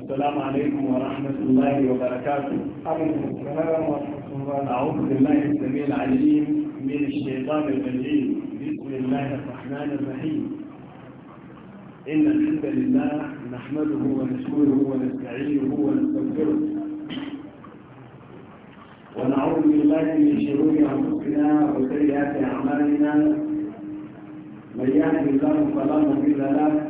السلام عليكم ورحمة الله وبركاته السلام ورحمة الله أعوذ بالله السميع العليم من الشيطان الرجيم بسم الله الرحمن الرحيم إن الحمد لله نحمده ونشكره ونستعينه ونستغفره ونعوذ بالله من شرور أنفسنا وسيئات أعمالنا من يهد الله فلا مضل له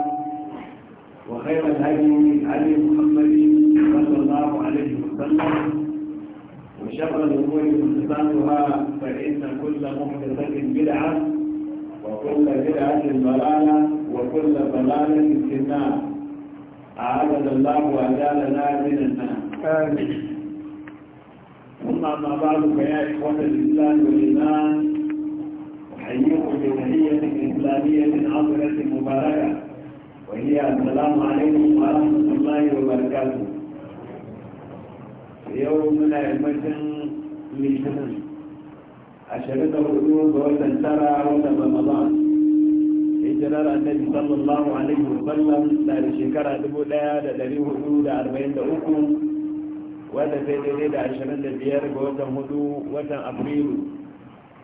وخير الهدي علي محمد صلى الله عليه وسلم وشر الامور محدثاتها فان كل محدثه بدعه وكل بدعه ضلاله وكل ضلاله في النار اعاذنا الله واجالنا من النار امين ثم اما بعد فيا اخوه الاسلام والايمان احييكم بتحيه اسلاميه عظيمه مباركه وهي السلام عليكم ورحمة الله وبركاته يوم من المجن لسنة أشرت الوجود وتنترى وتب رمضان إجرار النبي صلى الله عليه وسلم دار شكرا دبو لا دليل حدود أربعين دقوكم وذا سيدي دا عشرين دبيار وتم هدو وتم أبريل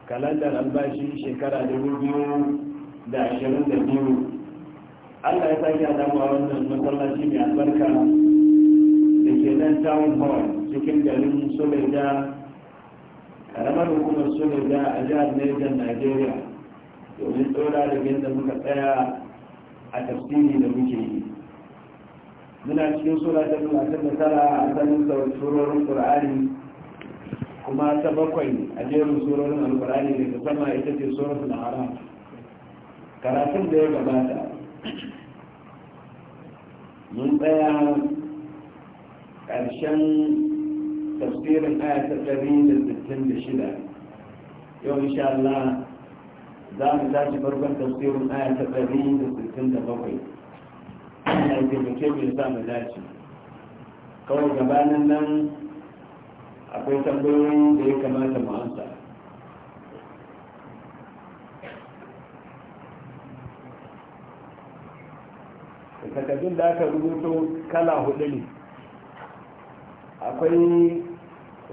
kalandar albashi shekara dubu biyu da ashirin da biyu Allah ya sake adamu a wannan masallaci mai albarka da ke nan town hall cikin garin Soleja, karamar hukumar Soleja a jihar Niger Nigeria domin tsora da yadda muka tsaya a tafsiri da muke yi muna cikin sura ta nuna ta tara a sanin surorin qur'ani kuma ta bakwai a jerin surorin alqur'ani daga sama ita ce suratul haram karatun da ya gabata mun tsaya karshen tafsirin aya ta ɗari da sittin da shida yau insha Allah za mu tashi farkon tafsirin aya ta ɗari da sittin da bakwai ana taimake mai sa mu dace kawai gabanin nan akwai tambayoyi da ya kamata mu amsa takardun da aka rubuto kala hudu ne akwai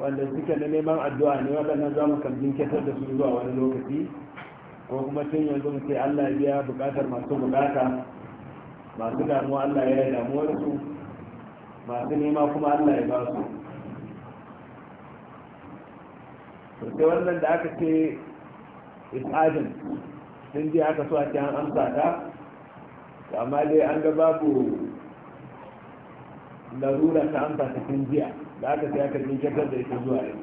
wanda suke da neman addu'a ne waɗannan za mu kan jinkitar da su zuwa wani lokaci ko kuma tun yanzu mu ce allah ya biya buƙatar masu buƙata masu damuwa allah ya yi damuwarsu masu nema kuma allah ya ba su sai wannan da aka ce is agent sun je aka so a ce an amsa ta amma dai an ga babu larura ta amsa cikin jiya da aka sai aka jinkirar da ita zuwa yau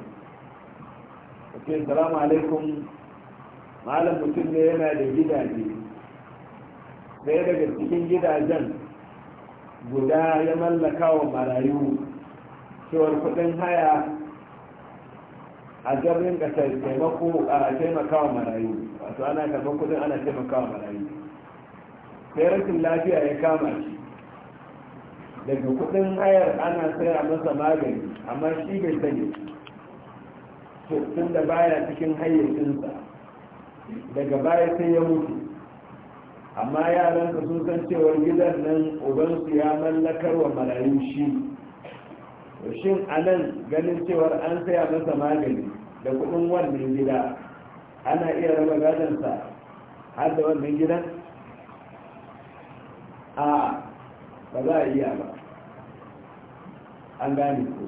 ok salamu alaikum malam mutum ne yana da gidaje ɗaya daga cikin gidajen guda ya mallaka wa marayu cewar kudin haya a jirgin kasar taimako a taimakawa marayu wato ana karɓar kuɗin ana taimakawa marayu sai rashin lafiya ya kama shi daga kudin hayar ana sayar masa magani amma shi bai sani to tun da baya cikin hayyacinsa daga baya sai ya mutu amma yaransa sun san cewar gidan nan ubansu ya mallakar wa marayu shi shin a nan ganin cewar an saya masa magani da kudin wannan gida ana iya raba gadansa har da wannan gidan a ba za a iya ba an gane ko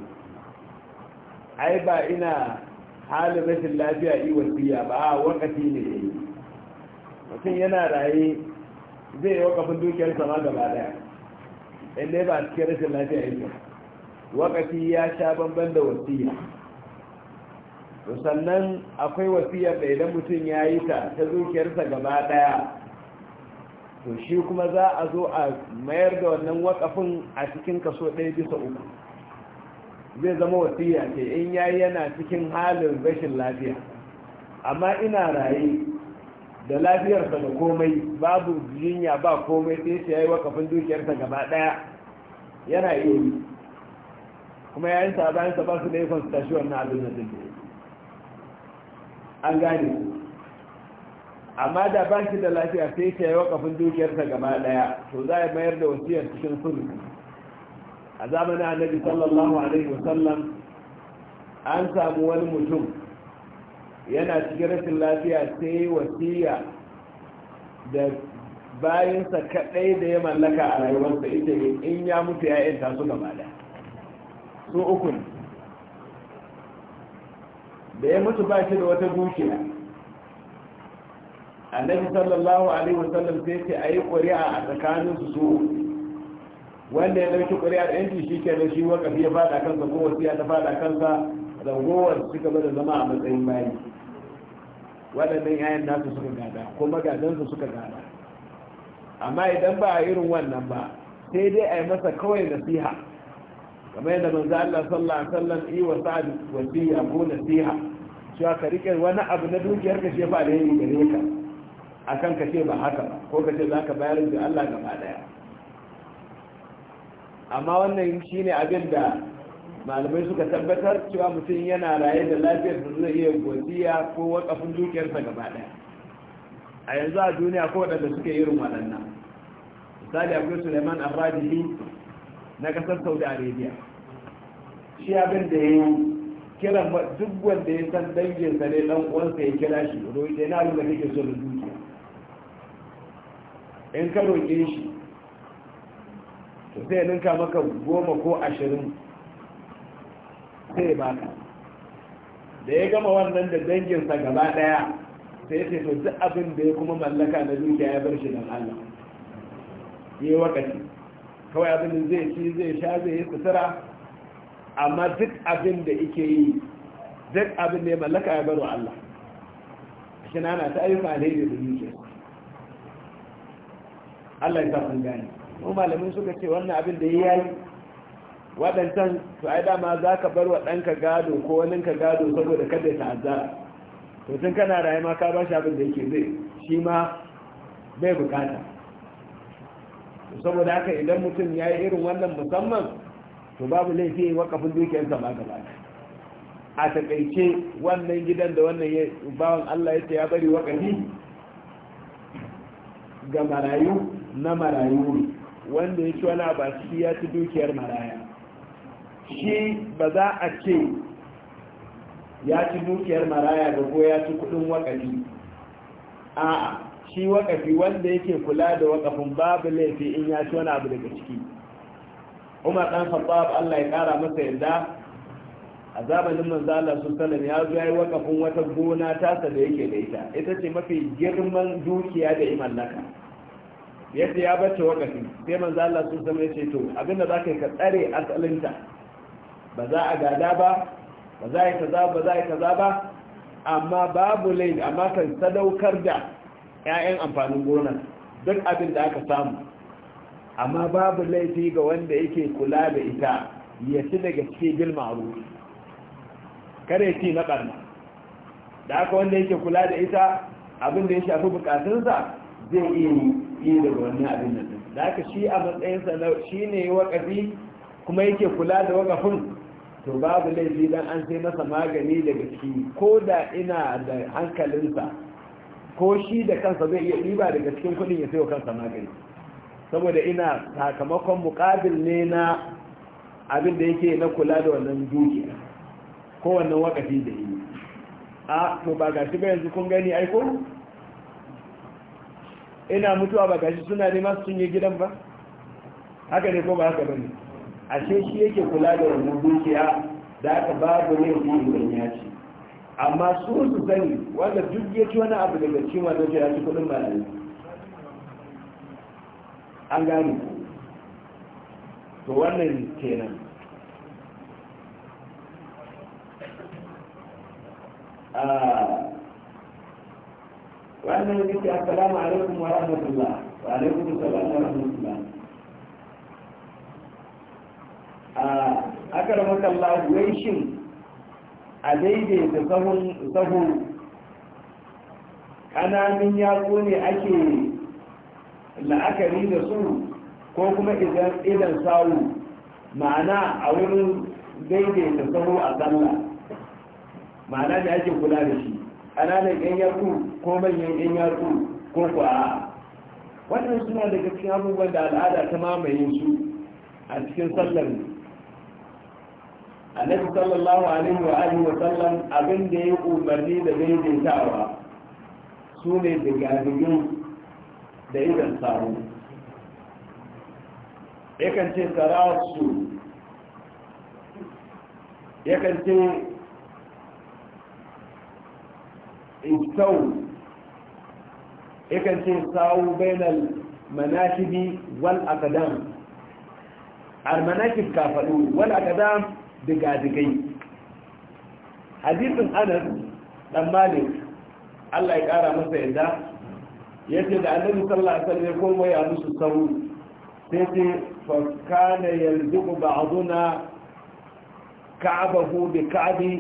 ai ba ina halin rashin lafiya yi wasiya ba a wakati ne ya yi mutum yana raye zai yi wakafin dukiyar sama gaba daya inda ba a cikin rashin lafiya yi ba. wakati ya sha banban da wasiya sannan akwai wasiya da idan mutum ya yi ta ta dukiyarsa gaba daya to shi kuma za a zo a mayar da wannan wakafin a cikin kaso ɗaya bisa uku zai zama wasiya ce in yayi yana cikin halin rashin lafiya amma ina raye da lafiyarsa da komai babu jinya ba komai sai ya yi wakafin dukiyarsa gaba ɗaya yana iya yi kuma yayin sa bayan sa ba su da ikon su tashi wannan abin da zai an gane amma da ba shi da lafiya sai ta yi wakafin dukiyarsa gaba daya to za a mayar da wasiyar cikin sulhu a zamanin annabi sallallahu alaihi wasallam an samu wani mutum yana cikin rashin lafiya sai wasiya da bayansa kadai da ya mallaka a rayuwarsa ita in ya mutu ya yanta su gaba daya su uku da ya mutu ba shi da wata dukiya annabi sallallahu alaihi wasallam sai ce a yi ƙuri'a a tsakanin su su wanda ya ɗauki ƙuri'ar yanci shi ke da shi wakafi ya fada kansa ko wasiya ta fada kansa ragowar suka bada zama a matsayin bayi waɗannan yayan nasu suka gada kuma gadansu suka gada amma idan ba a irin wannan ba sai dai a yi masa kawai nasiha kamar yadda manzo Allah sallallahu alaihi wasallam yi wa sa'ad wasiya ko nasiha cewa ka rike wani abu na dukiyar ka shefa da yayi gare ka akan ka ce ba haka ba ko ka ce za ka bayar da Allah gaba daya amma wannan shine abin da malamai suka tabbatar cewa mutum yana raye da lafiyar da zai iya godiya ko wakafin dukiyarsa gaba daya a yanzu a duniya ko waɗanda suke irin waɗannan misali akwai suleiman arrajili na ƙasar saudi arabia shi abin da ya kiran duk wanda ya san danginsa ne ɗan uwansa ya kira shi roƙe na abin da kake so da duniya in ka roƙe shi zai sai ninka maka goma ko ashirin sai baka da ya gama wannan da danginsa gaba daya sai ya to duk abin da ya kuma mallaka na dukiya ya bar shi don Allah ya yi wakati kawai abin da zai ci zai sha zai yi sutura amma duk abin da ike yi duk abin da ya mallaka ya baro Allah shi na ta ayyuka alheri da dukiya Allah ya sa gani mu malamin suka ce wannan abin da yayi waɗancan to ai dama za ka bar wa ɗanka gado ko wani ka gado saboda kada ya azara to tun kana raye ma ka ba shi abin da yake zai shi ma bai bukata saboda haka idan mutum ya yi irin wannan musamman to babu laifi wakafin dukiyarsa ma gaba a takaice wannan gidan da wannan bawan Allah ya ce ya bari wakafi ga marayu na marayu ne wanda ya ci wani abu shi ya ci dukiyar maraya shi ba za a ce ya ci dukiyar maraya ga ko ya ci kudin wakafi a shi wakafi wanda yake kula da wakafin babu laifi in ya ci wani abu daga ciki umar dan khattab Allah ya kara masa yadda a zamanin manzo Allah sanar ya zo yayi wakafin wata gona tasa da yake da ita ita ce mafi girman dukiya da imallaka yadda ya bace wakati sai manzo Allah sun zama yace to abinda zaka yi ka tsare asalinta ba za a gada ba ba za a yi kaza ba za a yi kaza ba amma babu laifi amma kan sadaukar da ƴaƴan amfanin gona duk abin da aka samu amma babu laifi ga wanda yake kula da ita ya ci daga cikin bil ma'ruf kare ci na ɓarna da aka wanda yake kula da ita abin da ya shafi bukatunsa zai iya yi yi daga wannan abin nan da haka shi a matsayinsa na shi ne wakafi kuma yake kula da wakafin to babu laifi dan an sai masa magani daga ciki ko da ina da hankalinsa ko shi da kansa zai iya ɗiba daga cikin kuɗin ya sayo kansa magani saboda ina sakamakon mukabil ne na abin da yake na kula da wannan duki ko wannan wakafi da yi a to ba ga shi ba yanzu kun gani aiko ina mutuwa ba gashi suna nema sun yi gidan ba haka ne ko ba haka bane ashe shi yake kula da wannan dukiya da aka ba da ne shi idan ya ci amma su su sani wanda duk ya ci wani abu daga cikin wannan ya ci kudin ne an gani to wannan kenan a. Ah. wannan yake assalamu alaikum wa rahmatullah wa alaikum assalam wa rahmatullah a akar makalla wai shin a daidaita sahun sahun ƙananan yatsu ne ake la'akari da su ko kuma idan idan sawu ma'ana a wurin daidaita sahu a sallah ma'ana da ake kula da shi ƙananan yan yatsu ko manyan yan yatsu ko ku a wannan suna daga cikin abubuwan da al'ada ta mamaye su a cikin sallar annabi sallallahu alaihi wa alihi wa sallam abin da ya umarni da daidaitawa su ne digadigin da idan samu yakan ce sarasu yakan ce istau yakan ce sawu bainal manashibi wal akadam almanakib kafaɗu wal akadam digai hadisin anas dan malik Allah ya ƙara masa yadda ya ce da annabi sallallahu alaihi wasallam ya koma ya musu sawu sai ce fa kana yalzuqu ba'duna ka'abahu bi ka'bi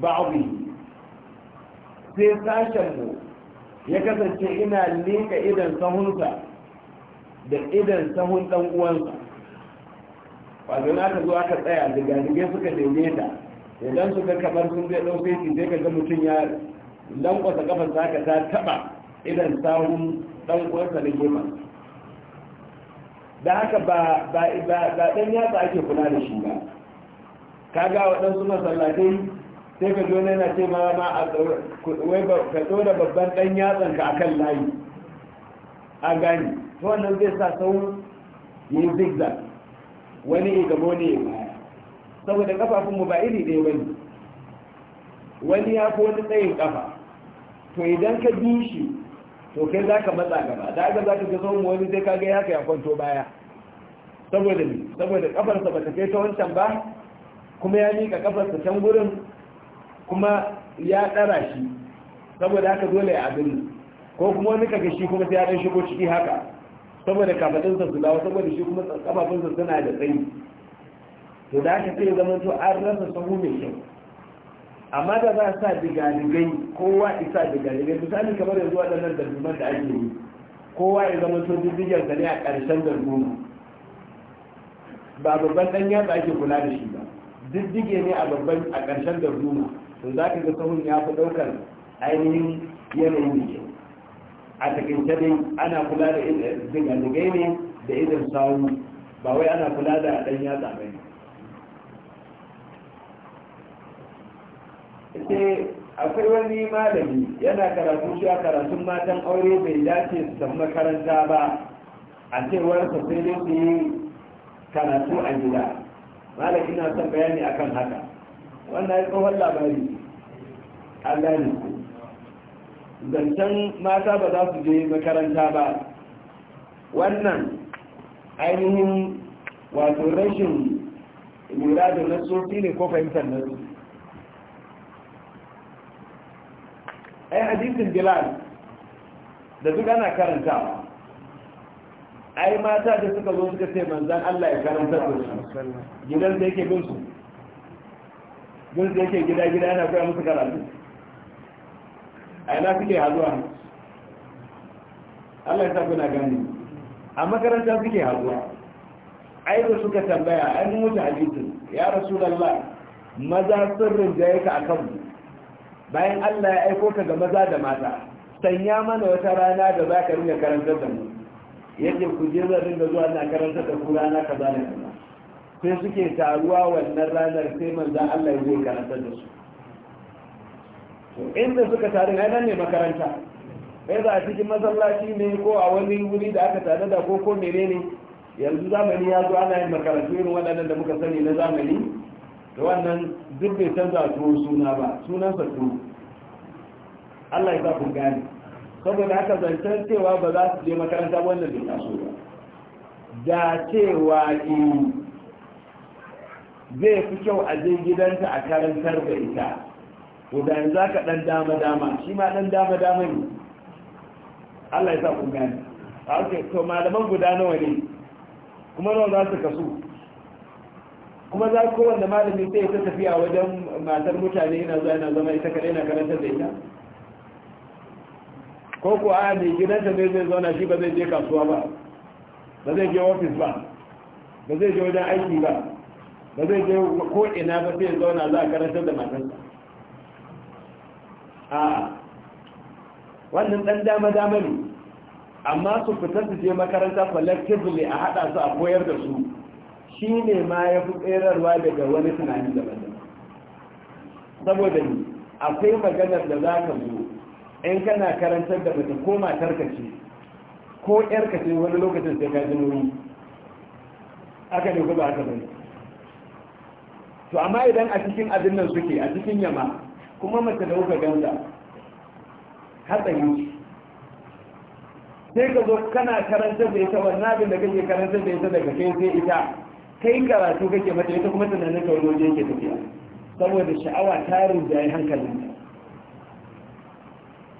ba'dhi sai sashenmu ya kasance ina leka idan sahunsa da idan sahun ɗan uwansa na ka zo aka tsaya da dige suka daidaita idan suka kamar sun zai ɗau shi sai ka ga mutum ya lankwasa kafarsa saka ta taɓa idan sahun ɗan uwansa na gema da haka ba ɗan yatsa ake kula da shi ba kaga waɗansu masallatai sai ka zo yana ce ma ma a wai ka babban dan yatsan ka akan layi a gani to wannan zai sa sau yi zigzag wani ya gabo ne ya baya saboda kafafunmu ba iri ɗaya bane wani ya fi wani tsayin kafa to idan ka bi shi to kai za ka matsa gaba da aka za ka ga sauran wani sai ka ga ya ya kwanto baya saboda ne saboda kafarsa ba ta kai ta wancan ba kuma ya miƙa kafarsa can gurin kuma ya ɗara shi saboda haka dole ya abin ko kuma wani kaga shi kuma sai ya ɗan shigo ciki haka saboda kafaɗinsa su dawo saboda shi kuma kafafunsa suna da tsayi to da haka sai zama to an rasa sahu mai kyau amma da za a sa digadigai kowa isa digadigai misali kamar yanzu waɗannan darduman da ake yi kowa ya zama to sa ne a ƙarshen darduma ba babban ɗan yatsa ake kula da shi ba diddige ne a babban a ƙarshen darduma to za ka ga sahun ya fi ɗaukar ainihin yanayin jikin a cikin dai ana kula da zigazzigai ne da idan sawu ba wai ana kula da ɗan yatsa ba ne akwai wani malami yana karatu shi a karatun matan aure bai dace su tafi makaranta ba a cewar sa sai dai su yi karatu a gida malami na son bayani akan haka wannan ya tsohon labari an gane zancen mata ba za su je makaranta ba wannan ainihin wato rashin lura da nasofi ne ko fahimtar nasu ai hadisin bilal da duk ana karanta, ai mata da suka zo suka ce manzan allah ya karanta su gidan da yake bin su don sai yake gida gida yana koya musu karatu a yana suke hazuwa Allah ya sa kuna gani a makaranta suke hazuwa ai da suka tambaya an yi mutu hadisin ya rasu rasulullah maza sirrin da yake a kanmu. bayan Allah ya aiko ka ga maza da mata sanya mana wata rana da za ka rinka karantar da mu yake ku je zan rinka zuwa na karantar da ku rana ka zane kaza sai suke taruwa wannan ranar sai manza Allah ya zai karantar da su to inda suka taru ai nan ne makaranta kai za a cikin masallaci ne ko a wani wuri da aka tare da ko ko menene yanzu zamani ya zo ana yin makarantu irin waɗannan da muka sani na zamani da wannan duk bai canza tuwo suna ba sunan tuwo Allah ya sa ku gane saboda haka zancen cewa ba za su je makaranta wannan bai taso ba da cewa ke. Eh, zai fi kyau a je gidanta a karantar da ita to da za ka ɗan dama dama shi ma ɗan dama dama ne Allah ya sa ku a okay to malaman guda nawa ne kuma nawa za su kasu kuma za ko wanda malami sai ya tafiya wajen matar mutane yana zuwa yana zama ita kaɗai, na karantar da ita ko ko a mai gidanta zai zai zauna shi ba zai je kasuwa ba ba zai je ofis ba ba zai je wajen aiki ba ba zai je ko ina ba sai zauna za a karantar da matansa a wannan dan dama dama ne amma su fitar su je makaranta collectively a hada su a koyar da su shi ne ma ya fi tserarwa daga wani tunani daban daban saboda ni akwai maganar da za ka zo in kana karantar da mutum ko matarka ce ko ka ce wani lokacin sai ka ji aka ne ba aka bane to amma idan a cikin abin nan suke a cikin yama kuma mace da kuka ganta hatsari sai ka zo kana karantar da ita wannan abin da kake karantar da ita daga kai sai ita kai karatu kake mata ita kuma tunanin ka wani waje yake tafiya saboda sha'awa ta rinjaye hankalin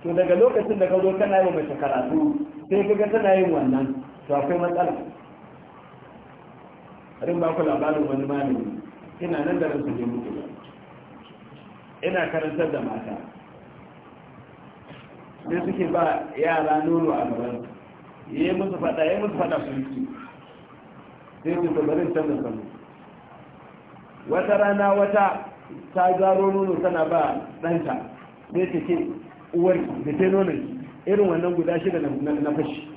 to daga lokacin da ka zo kana yin mace karatu sai ka ga tana yin wannan to akwai matsala rin ba ku labarin wani malami ina nan da ransa bai mutu ina karantar da mata sai suke ba yara nono a gaban yi musu fada yi musu fada sun yi sai su tabarin canza sanu wata rana wata ta garo nono tana ba ɗanta sai ta ke uwar da ta nonon irin wannan guda shida na fashi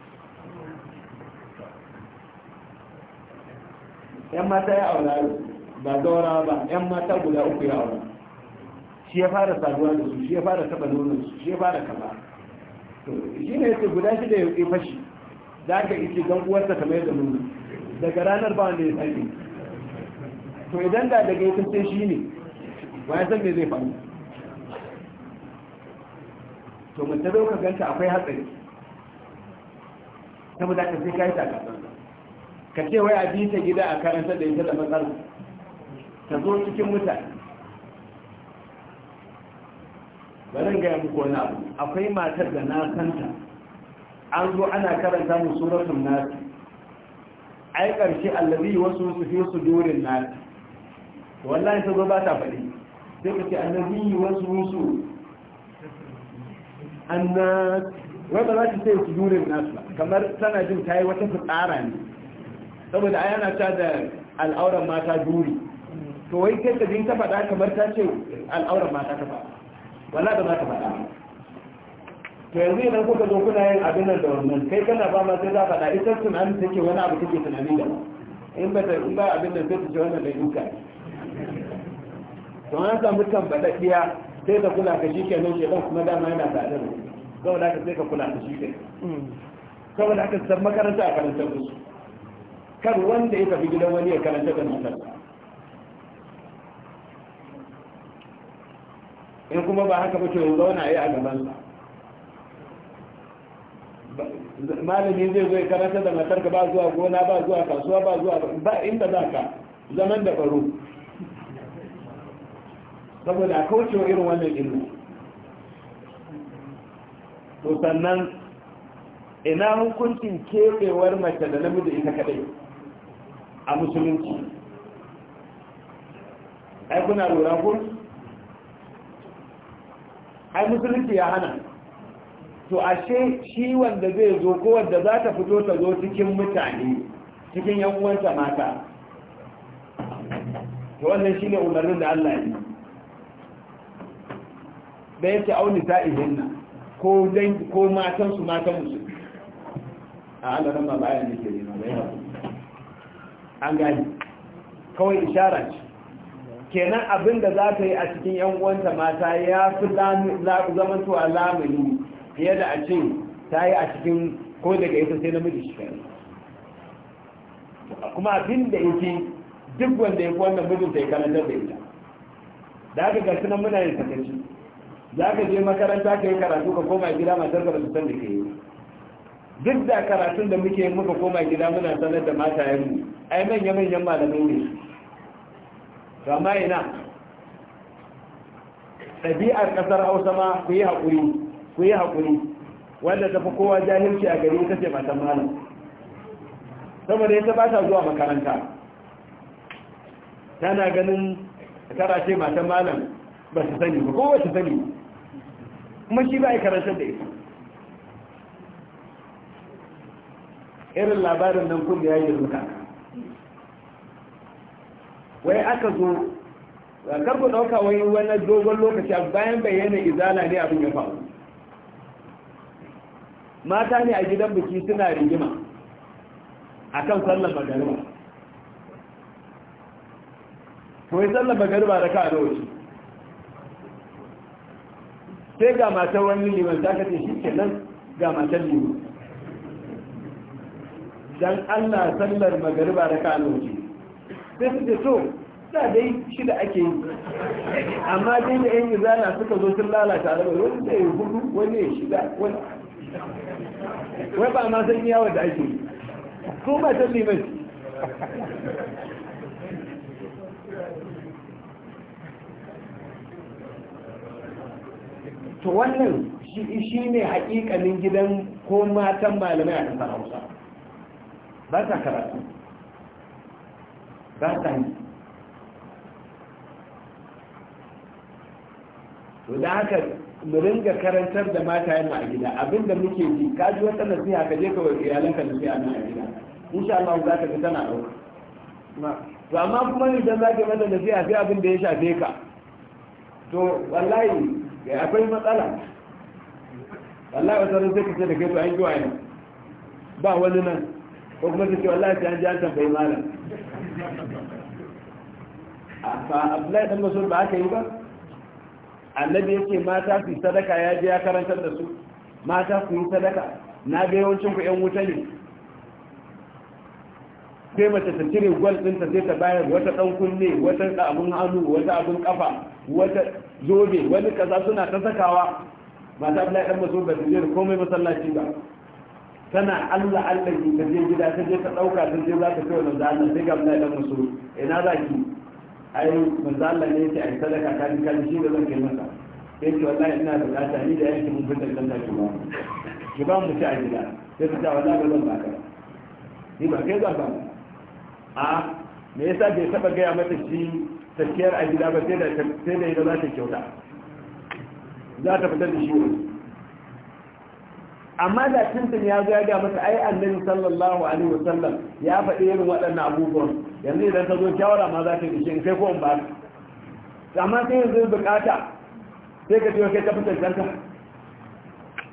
yan mata ya aura ba zaura ba yan mata guda uku ya aure shi ya fara saduwa da su shi ya fara taba nonon su shi ya fara kaza shi ne yake guda da ya yi fashi za ka ice don uwarsa kamar yadda nono daga ranar ba wanda ya sake to idan da daga yakin kusa shi ne ba ya san me zai faru to mun ta zo ka ganta akwai hatsari saboda ka sai ka yi takasar ka ce wai a bi ta gida a karanta da ita da matsala ta zo cikin mutane zan gaya muku wani abu akwai matar da na santa an zo ana karanta mu suratun nasi ai karshe allazi wasu su fi su durin nasi wallahi ta zo ba ta faɗi sai ka ce allazi wasu su annas wai ba za ta sai su durin nasi ba kamar tana jin ta yi wata fitsara ne saboda ai ana ta da al'auran mata duri to wai kai ka jin ka faɗa kamar ta ce al'aura ma ta faɗa wala da za ka faɗa to yanzu idan kuka zo kuna yin abin nan da wannan kai kana ba ma sai za faɗa ita tunanin take wani abu take tunani da in ba in ba abin da sai ta ce wannan bai duka to an samu iya sai ka kula ka shi kenan dan kuma dama yana da da saboda haka sai ka kula ka shi kenan saboda haka san makaranta a karantar musu, su kar wanda ya tafi gidan wani ya karanta da matarsa in kuma ba haka bace yanzu zauna yi a gabansa malami zai zai karanta da matarka ba zuwa gona ba zuwa kasuwa ba zuwa ba inda za ka zaman da faru. saboda a kaucewa irin wannan ilmi to sannan ina hukuncin keɓewar mace da namiji ita kaɗai a musulunci ai kuna lura kuma ai musulunci ya hana to ashe shi wanda zai zo ko wanda za ta fito ta zo cikin mutane cikin yan uwanta mata to wannan shine umarnin da Allah ya yi da yake auni sa'ihinna ko dan ko matan su matan musu a Allah nan ma bayan yi ne an gani kawai isharar ce kenan abin da za ta yi a cikin yan uwanta mata ya fi zamantowa lamuni fiye da a ce ta yi a cikin ko daga ita sai namiji shi kan kuma abin da yake duk wanda ya wannan mijinta ya karantar da ita da aka gasu nan muna yin sakaci za ka je makaranta ka yi karatu ka koma gida matar da san da ke yi duk da karatun da muke muka koma gida muna sanar da mata yanzu ai manya-manyan malamai ne gama ina ɗabi'ar ƙasar hausa ma ku yi haƙuri ku yi haƙuri wanda ta fi kowa jahilci a gari ta ce matan malam saboda ya ba ta zuwa makaranta tana ganin tara ce matan malam ba su sani ba kowa su sani kuma shi ba a karantar da ita irin labarin nan kun da ya yi ruka wai aka zo kar ku ɗauka wani wani dogon lokaci a bayan bayyana izala ne abin ya faru mata ne a gidan biki suna rigima a kan sallar magariba yi sallar magariba da ka da wuce sai ga matar wani liman za ka ce shi ke nan ga matar liman don allah sallar magariba da ka da wuce sai su ce da dai da ake yi amma dai da yan izana suka zo sun lalata da wani da ya hudu wani ya shida wani wai ba ma san yawon da ake yi ko ba ta liman to wannan shi ne haƙiƙanin gidan ko matan malamai a ƙasar hausa ba ta karatu ba yi to da haka mu ringa karantar da mata yana a gida abinda muke ji kaji wata nasiha ka je ka wa ka nasiha na a gida insha Allah za ka ga tana dauka to amma kuma idan za ka mata nasiha sai abin da ya shafe ka to wallahi akwai matsala wallahi wasu ran sai ka ce da kai to an yi ba wani nan ko kuma ta ce wallahi sai an ji an tambayi malam ba abdullahi dan masul ba aka yi ba annabi yake mata su sadaka ya je ya karantar da su mata su yi sadaka na ga yawancin ku yan wuta ne sai mace ta cire gwal ɗinta sai ta bayar wata ɗan kunne wata abun hannu wata abun kafa wata zobe wani kaza suna ta sakawa mata abdullahi dan masul ba su je komai masallaci ba tana Allah Allah ki ta je gida ta je ta dauka ta je za ta kai wannan Allah sai ga Allah dan musu ina za ki ai manzo Allah ne yake a sadaka ta dinka shi da zan kai masa sai ki wallahi ina bukata ni da yake mun fita da ki ba ki ba mu ci a gida sai ta ta wallahi zan baka ni ba kai zan ba a me yasa bai saba gaya mata shi tafiyar a gida ba sai da sai da ita za ta kyauta za ta fita da shi amma da tuntun ya zo ya ga masa ai annabi sallallahu alaihi wasallam ya faɗi irin waɗannan abubuwan yanzu idan ka zo shawara ma za ka yi shi kai ko in ba ka amma sai yanzu bukata sai ka ce kai ka fitar kanka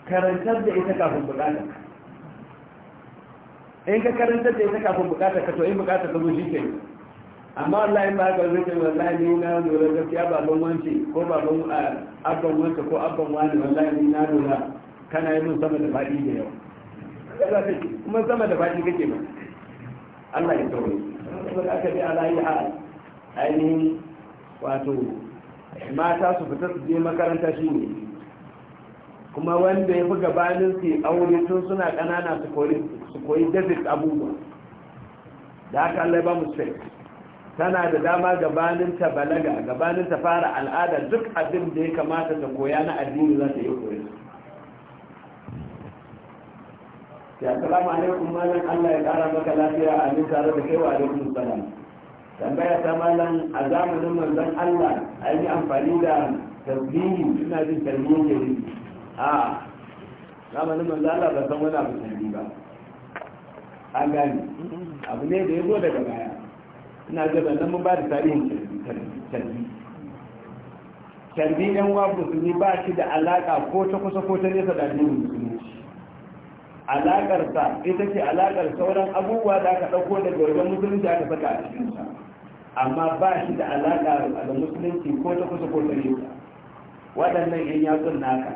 karantar da ita kafin bukata in ka karantar da ita kafin bukata ka to in bukata ka zo shi ke amma wallahi ba ka zai kai wallahi ni na lura gaskiya baban wance ko baban abban wance ko abban wani wallahi ni na lura kana yi mun sama da faɗi da yawa kuma sama da faɗi kake ba Allah ya tauri aka bi a layi a ainihin wato mata su fita su je makaranta shi ne kuma wanda ya fi gabanin su aure tun suna ƙanana su koyi david abubuwa da haka allai ba tana da dama gabanin ta balaga gabanin ta fara al'adar duk abin da ya kamata ta koya na addini za ta yi koyi ya salamu alaikum malam Allah ya kara maka lafiya a min tare da kai wa alaikum salam tambaya ta malam a zamanin manzon Allah a yi amfani da tarbiyyi ina jin tarbiyyar ke yi a zamanin manzon Allah ba san wani abu tarbi ba an gani abu ne da ya zo daga baya ina ga nan mun ba da tarihin tarbiyyi tarbiyyi yan wa musulmi ba shi da alaka ko ta kusa ko ta nesa da addinin musulmi alaƙarsa ita ce alakar sauran abubuwa da aka ɗauko da gurbin musulunci aka saka a cikinsa amma ba shi da alaƙa da musulunci ko ta kusa ko ta nesa waɗannan 'yan yatsun naka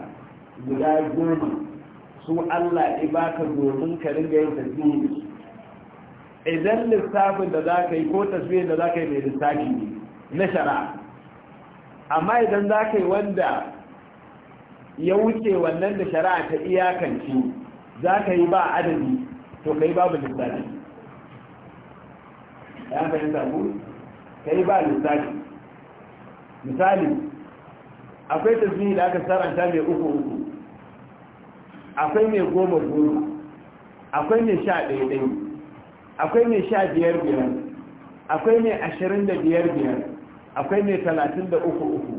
guda goma su Allah ya baka domin ka ringa yin tasbihi idan lissafin da za ka yi ko tasbihin da za ka yi mai lissafi ne na shari'a amma idan za ka yi wanda ya wuce wannan da shari'a ta iyakanci za ka yi ba adadi to kai babu lissafi ya fahimta Ka yi ba lissafi misali akwai tasiri da aka saranta mai uku uku akwai mai goma goma akwai mai sha ɗaya ɗaya akwai mai sha biyar biyar akwai mai ashirin da biyar biyar akwai mai talatin da uku uku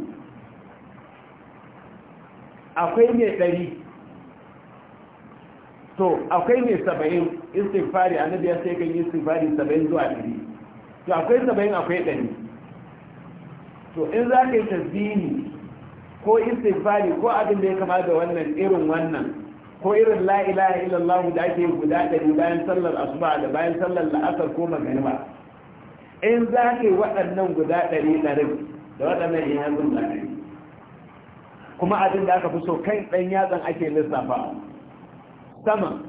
akwai mai ɗari to akwai mai saba'in istighfari annabi ya sai kan yi istighfari saba'in zuwa ɗari to akwai saba'in akwai ɗari to in za ka yi tasbihi ko istighfari ko abin da ya kama da wannan irin wannan ko irin la ilaha illallah da ake guda ɗari bayan sallar asuba da bayan sallar la'asar ko magariba in za ka yi waɗannan guda ɗari ɗarin da waɗannan in yanzu ɗari kuma abin da aka fi so kan ɗan yatsan ake lissafa sama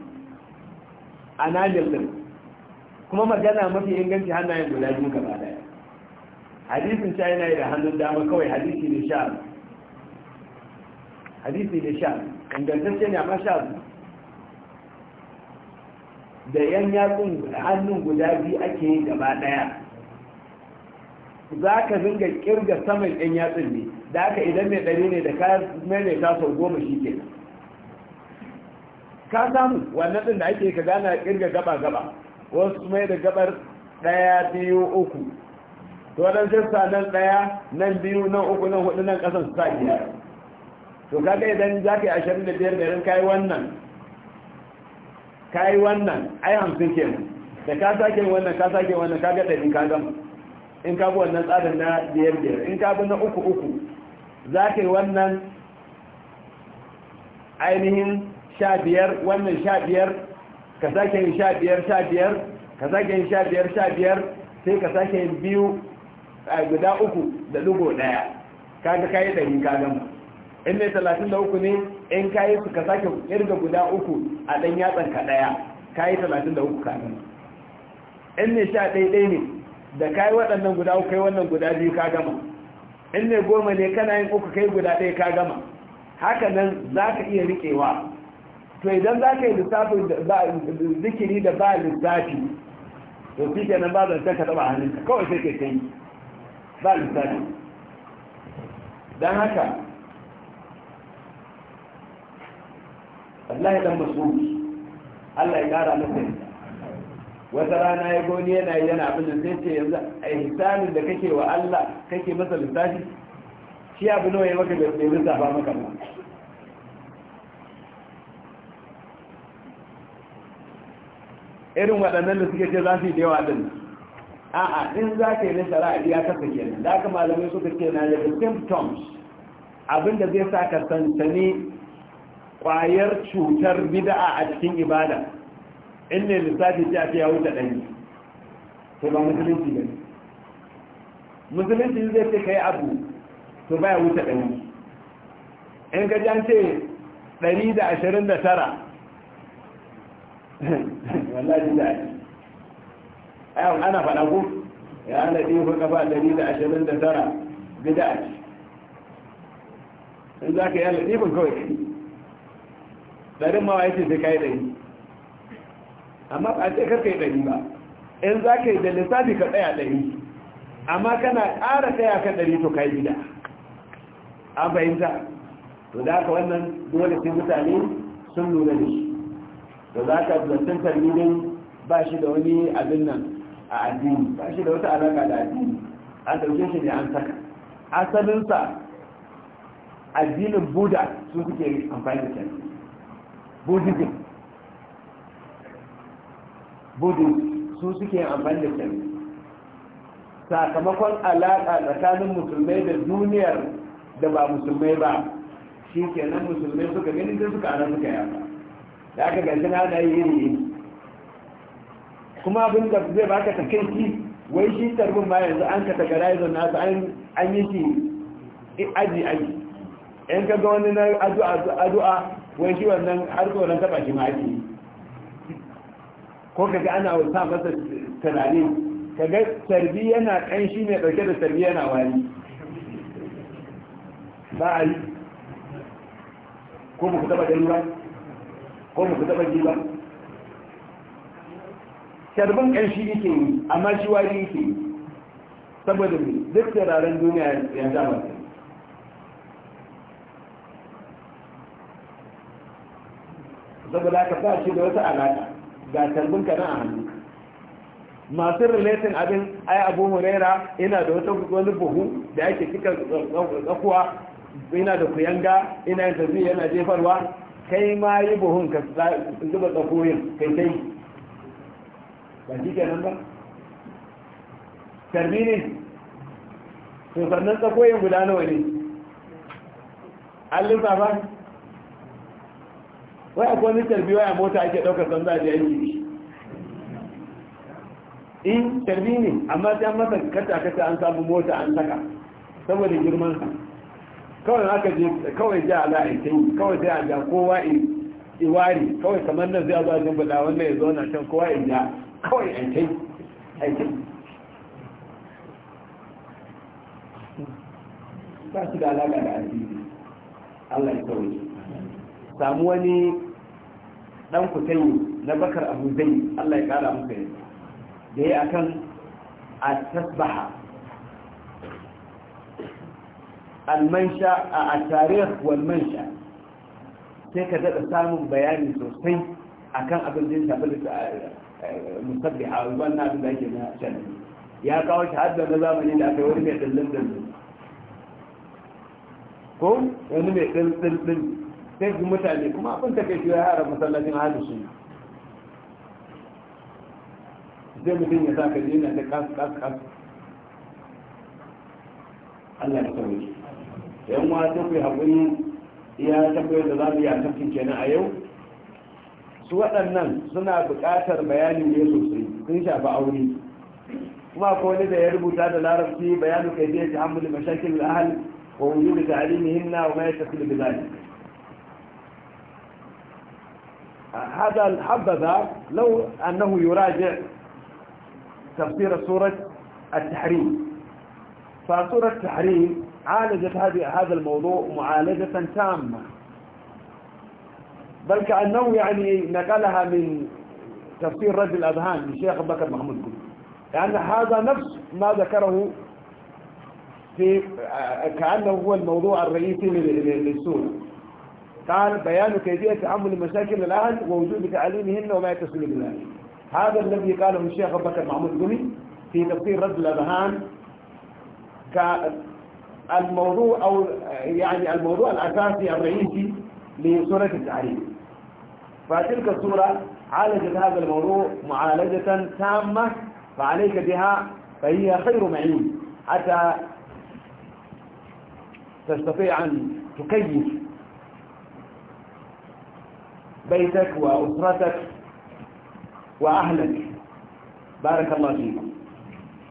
a najin din kuma magana mafi inganci hannayen guda biyu gaba daya hadisin sha yana yi da hannun dama kawai hadisi ne sha hadisi ne sha ingantacce ne amma sha da yan yatsun hannun guda biyu ake yi gaba daya za ka zinga kirga saman yan yatsun ne da aka idan mai ɗari ne da ka mai sau goma shi kenan ka samu wannan din da ake ka gana kirga gaba gaba wasu mai da gabar daya biyu uku to dan sai sa nan daya nan biyu nan uku nan hudu nan kasan sa biyar to kaga idan za ka yi ashirin da biyar garin kayi wannan kayi wannan ai hamsin kenan da ka sake wannan ka sake wannan ka ga ɗari ka gama in ka bi wannan tsarin na biyar biyar in ka bi na uku uku za ka yi wannan ainihin sha biyar wannan sha biyar ka sake yin sha biyar sha biyar ka sake yin sha biyar sha biyar sai ka sake yin biyu a guda uku da dugo daya kaga kayi ɗari ka gama in ne talatin da uku ne in kayi su ka sake irga guda uku a ɗan yatsan ka daya kayi talatin da uku ka gama in ne sha ɗaya ɗaya ne da kayi waɗannan guda uku kai wannan guda biyu ka gama in ne goma ne kana yin uku kai guda daya ka gama haka nan za ka iya riƙewa to idan za ka yi lissafin zikiri da ba lissafi to ke nan ba zancen ka taba hannunka kawai sai ke kai ba lissafi don haka Allah ya dan masu Allah ya kara sai wata rana ya goni yana yi yana abin da sai ce yanzu a hisamin da kake wa Allah kake masa lissafi shi abu nawa ya maka da bai lissafa maka ba irin waɗannan da suke ce za su yi da yawa ɗin a'a in za ka yi na shari'a ya kasa kenan da aka malamai suka ce na daga symptoms abinda zai sa ka sansani ƙwayar cutar bida'a a cikin ibada in ne lissafi ce a ce wuce ɗanyi to ba musulunci ba musulunci zai ce ka yi abu to ba ya wuce ɗanyi in ka jan ce ɗari da da ashirin tara. wallahi da ake ayan ana faɗa ku ya ana ɗin kafa ɗari da ashirin da tara bida ake in za ka yi alaɗifin kawai ɗari ɗarin mawa yake sai ka yi ɗari amma ba a ce karka yi ɗari ba in za ka yi da lissafi ka tsaya ɗari amma kana ƙara tsaya kan ɗari to ka yi bida an fahimta to da haka wannan dole sai mutane sun lura da shi da za ka zancen tarbiyyar ba shi da wani abin nan a addini ba shi da wata alaka da addini an ɗauke shi ne an saka asalinsa addinin buda su suke amfani da shi buddhism buddhism su suke amfani da shi sakamakon alaka tsakanin musulmai da duniyar da ba musulmai ba shi kenan musulmai suka gani da suka ana suka yafa da aka ganci na ana yi iri kuma abin da zai baka takaici wai shi tarbin ba yanzu an ka zan nasu an yi shi aji aji yan kaga wani na addu'a wai shi wannan harko nan taba shi maki ake yi ko kaga ana sa masa tunani kaga tarbi yana kanshi ne dauke da tarbi yana wani ba a yi ko ba ku taba gani ba ko mu taɓa ji ba sharbin shi yake yi amma shi wari yake yi saboda mu duk turaren duniya ya dama saboda ka ba shi da wata alaƙa ga sharbin ka na a hannu masu relatin abin ai abu huraira ina da wata wani buhu da ake cika tsakuwa ina da kuyanga ina yin tafiya yana jefarwa kai ma yi buhun ka zuba tsakoyin kai ta yi ba shi kenan ba tarbi ne to sannan tsakoyin guda nawa ne an lissafa wai akwai wani tarbi waya mota ake ɗaukar san za a je aiki in eh, tarbi ne amma sai an masa kata kata an samu mota an saka saboda girman sa kawai haka je kawai ja ala in yi, kawai sai a ja kowa in iwari kawai kamar nan zai zuwa jin bada wannan ya zo na can kowa in ja kawai in kai aiki ba shi da alaƙa da addini Allah ya kawai samu wani dan kutai na bakar abu zai Allah ya kara muka yi da ya akan a tasbaha almansha a tarih wal mansha sai ka daɗa samun bayani sosai a kan abin da ya shafi da musabbi a wannan abin da ake na shan ya kawo shi har hadda na zamani da aka yi wani mai ɗin ɗin ko wani mai ɗin ɗin sai su mutane kuma abin ta kai shi ya hara masallacin hadu shi zai mutum ya sa ka jina ta kasu kasu kasu Allah ya sauke yan wa ta ku haƙuri iya tafiyar da za mu yi a tafkin kenan a yau su waɗannan suna buƙatar bayani ne sosai sun shafi aure kuma ko wani da ya rubuta da larabci bayanu kai zai ta hamuli mashakil ahal wa wujudu ta'limihinna wa ma yattasil bi dhalik هذا حبذا لو أنه يراجع تفسير سورة التحريم فسورة التحريم عالجت هذا الموضوع معالجة تامة بل كأنه يعني نقلها من تفسير رد الأذهان للشيخ بكر محمود كله لأن هذا نفس ما ذكره في كأنه هو الموضوع الرئيسي للسورة قال بيان كيفية تعمل مشاكل الأهل ووجود تعليمهن وما يتصل بالأهل هذا الذي قاله الشيخ بكر محمود قلي في تفسير رد الأذهان الموضوع أو يعني الموضوع الأساسي الرئيسي لسورة التعريف فتلك السورة عالجت هذا الموضوع معالجة تامة فعليك بها فهي خير معين حتى تستطيع أن تكيف بيتك وأسرتك وأهلك بارك الله فيكم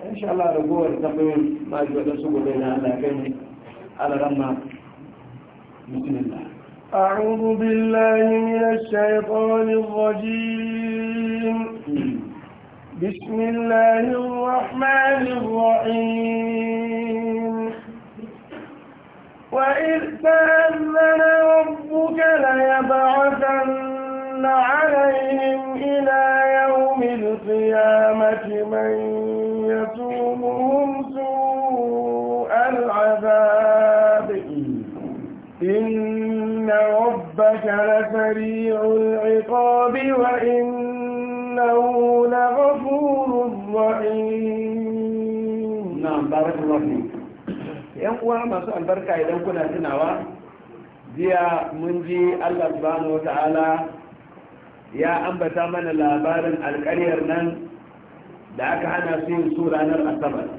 إن شاء الله ragowar tambayoyin ما ji waɗansu gobe na لكن على ne بسم الله أعوذ بالله من الشيطان الرجيم بسم الله الرحمن الرحيم وإذ تأذن ربك ليبعثن عليهم إلى يوم القيامة من إنك لسريع العقاب وإنه لغفور رحيم نعم بارك الله فيك yan uwa masu albarka idan kuna tunawa jiya mun ji Allah subhanahu wata'ala ya ambata mana labarin alƙaryar nan da aka hana su yin su ranar asabar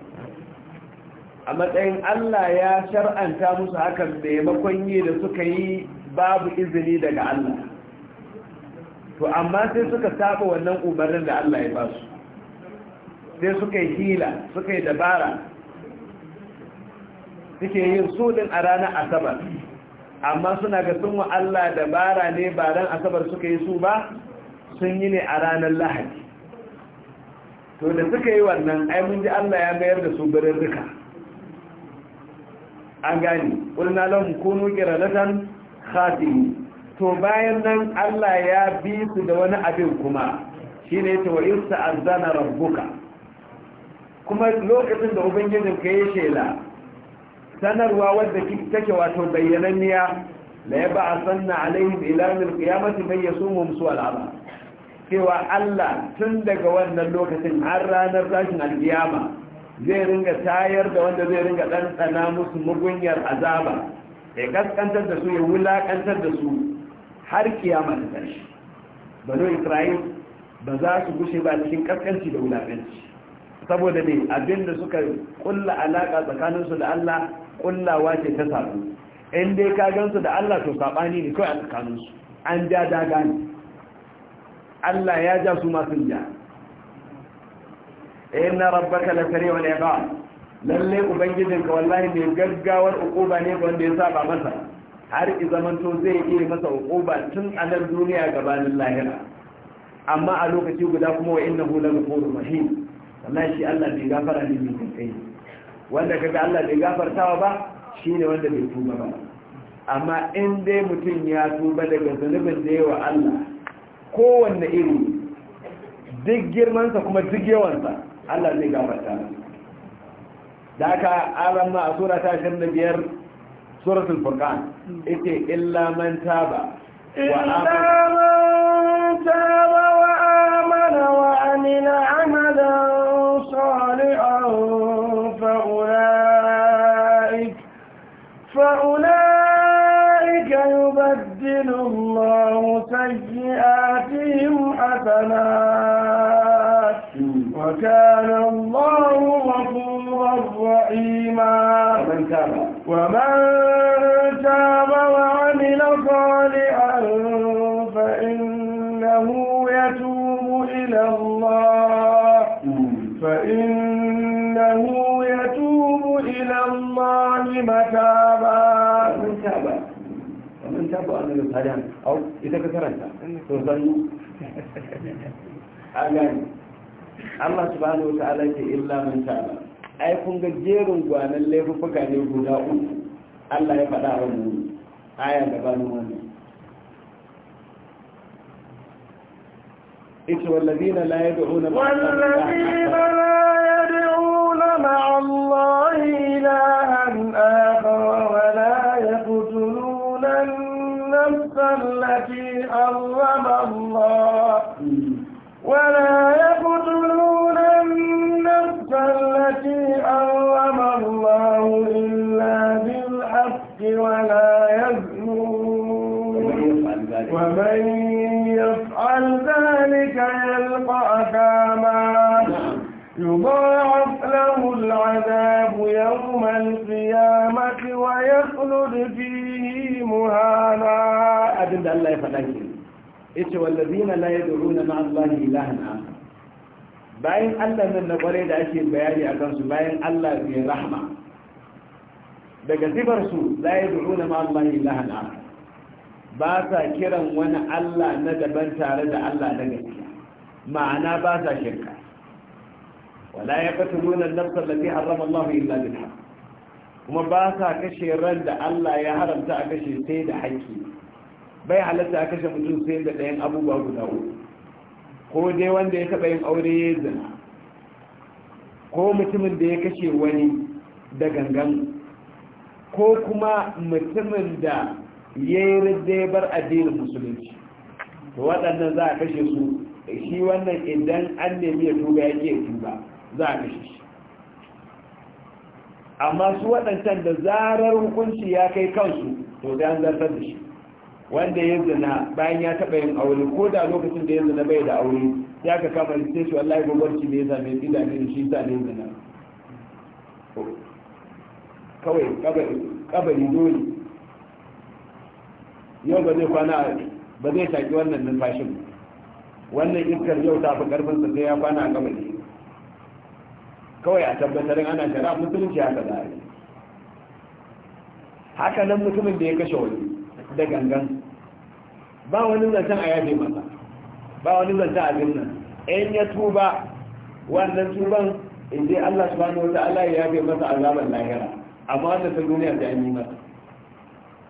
a matsayin Allah ya shar'anta musu hakan maimakon yi da suka yi babu izini daga Allah to amma sai suka saba wannan umarnin da Allah ya ba su sai suka yi hila suka yi dabara suke yin sudin a ranar asabar amma suna ga sun wa Allah dabara ne ba ran asabar suka yi su ba sun yi ne a ranar lahadi to da suka yi wannan ai mun ji Allah ya mayar da su birin duka, an gani ƙulna kunu ƙiradatan khatimi to bayan nan Allah ya bi su da wani abin kuma shine to yusa azana rabbuka kuma lokacin da ubangijin ka ya shela sanarwa wadda take wato bayyananniya la yab'athanna alaihim ila yawm qiyamati man yasumuhum su'al azab cewa Allah tun daga wannan lokacin har ranar tashin alkiyama zai ringa tayar da wanda zai ringa ɗanɗana musu mugunyar azaba ya kaskantar da su ya wulakantar da su har kiyama da tashi bano isra'il ba za su gushe ba cikin kaskanci da wulakanci saboda ne abinda suka kulla alaka tsakaninsu da Allah kullawa ce ta sabu in dai ka gansu da Allah to sabani ne kawai a tsakaninsu an ja daga ne Allah ya ja su masu ja inna rabbaka la sari'ul iqab lalle ubangijinka wallahi mai gaggawar ukuba ne wanda ya saba masa har i zamanto zai iya masa ukuba tun a nan duniya gabanin lahira amma a lokaci guda kuma wa innahu da ghafurur rahim sannan shi Allah bai gafara ne mai kai wanda kaga Allah bai gafartawa ba shine wanda bai tuba ba amma in dai mutum ya tuba daga zunubin da yawa Allah kowanne iri duk girmansa kuma duk yawansa Allah zai gafarta masa da aka aran ma a sura ta 25 suratul furqan ita illa man taba wa amana wa amana wa amila amalan salihan fa ulaik fa ulaik yubaddilu Allah sayyi'atihim hasanat وكان الله غفورا رحيما ومن تاب وعمل صالحا فإنه يتوب إلى الله فإنه يتوب إلى الله متابا ومن تاب وعمل صالحا أو إذا كثرت ترضي أمين Allah subhanahu wa ta'ala ke illa man ta'ala ai kun ga jerin gwanan laifuka ne guda uku Allah ya faɗa wa mu aya gabanin wannan إيش والذين لا يدعون مع والذين لا يدعون faɗa ke yace wallazina la yad'una ma'a allahi ilahan akhar bayan Allah nan na kware da ake bayani a su bayan Allah mai rahma daga sifar su la yad'una ma'a allahi ilahan akhar ba sa kiran wani Allah na daban tare da Allah na gaske, ma'ana ba sa shirka wala yaqtuluna an-nafs allati harrama Allah illa bil haqq kuma ba sa kashe ran da Allah ya haramta a kashe sai da haƙƙi bai halatta a kashe mutum sai da ɗayan abubuwa guda uku ko dai wanda ya taɓa yin aure ya zina ko mutumin da ya kashe wani da gangan ko kuma mutumin da ya yi ya bar addinin musulunci to waɗannan za a kashe su shi wannan idan an nemi ya tuba ya ke tuba za a kashe shi amma su waɗancan da zarar hukunci ya kai kansu to da an zartar da shi wanda ya zina bayan ya taɓa yin aure ko da lokacin da ya zina bai da aure ya ka kama da shi wallahi gwagwarci ne ya same shi da ne shi sa ne zina kawai kabari dole yau ba zai kwana ba zai shaki wannan numfashin wannan iskar yau ta fi karfin sa sai ya kwana a kabari kawai a tabbatarin ana shari'a musulunci haka da haka nan mutumin da ya kashe wani da gangan ba wani zancen a yafe masa ba wani zancen abin nan in ya tuba wannan tuban in dai Allah subhanahu wata'ala ya yaje masa azaban lahira amma wanda ta duniya ta yi masa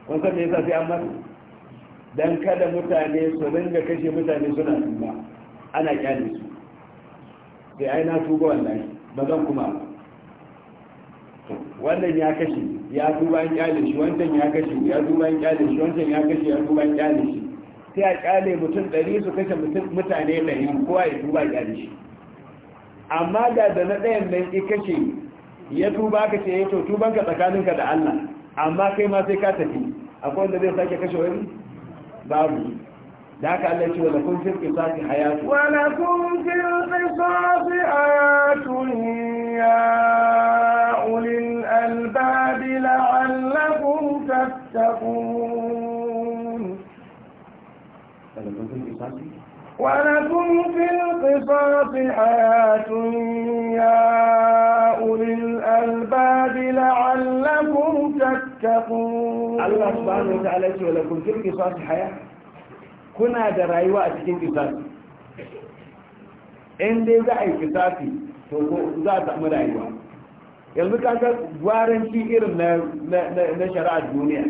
kun san me yasa sai an masa dan kada mutane su dinga kashe mutane suna tuba ana kyale su sai ai na tuba wallahi ba zan kuma ba wannan ya kashe ya tuba an kyale shi wancan ya kashe ya tuba an kyale shi wancan ya kashe ya tuba an kyale shi sai a kyale mutum ɗari su kashe mutane ɗari kowa ya tuba kyale shi amma da da na ɗayan nan ya kashe ya tuba ka ce ya eh, to tuban ka tsakaninka da Allah amma kai ma sai ka tafi akwai wanda zai sake kashe wani babu da haka Allah ce wani kun fil qisas hayatu wani kun fil qisas hayatu ya ulin albab la'allakum tattaqun القصاص ولكم في القصاص حياة يا أولي الألباب لعلكم تتقون الله سبحانه وتعالى ولكم في القصاص حياة كنا درايوة أتكين قصاص إن دي زعي قصاصي ذات أمر أيوة yanzu kaga gwaranci irin na shari'ar duniya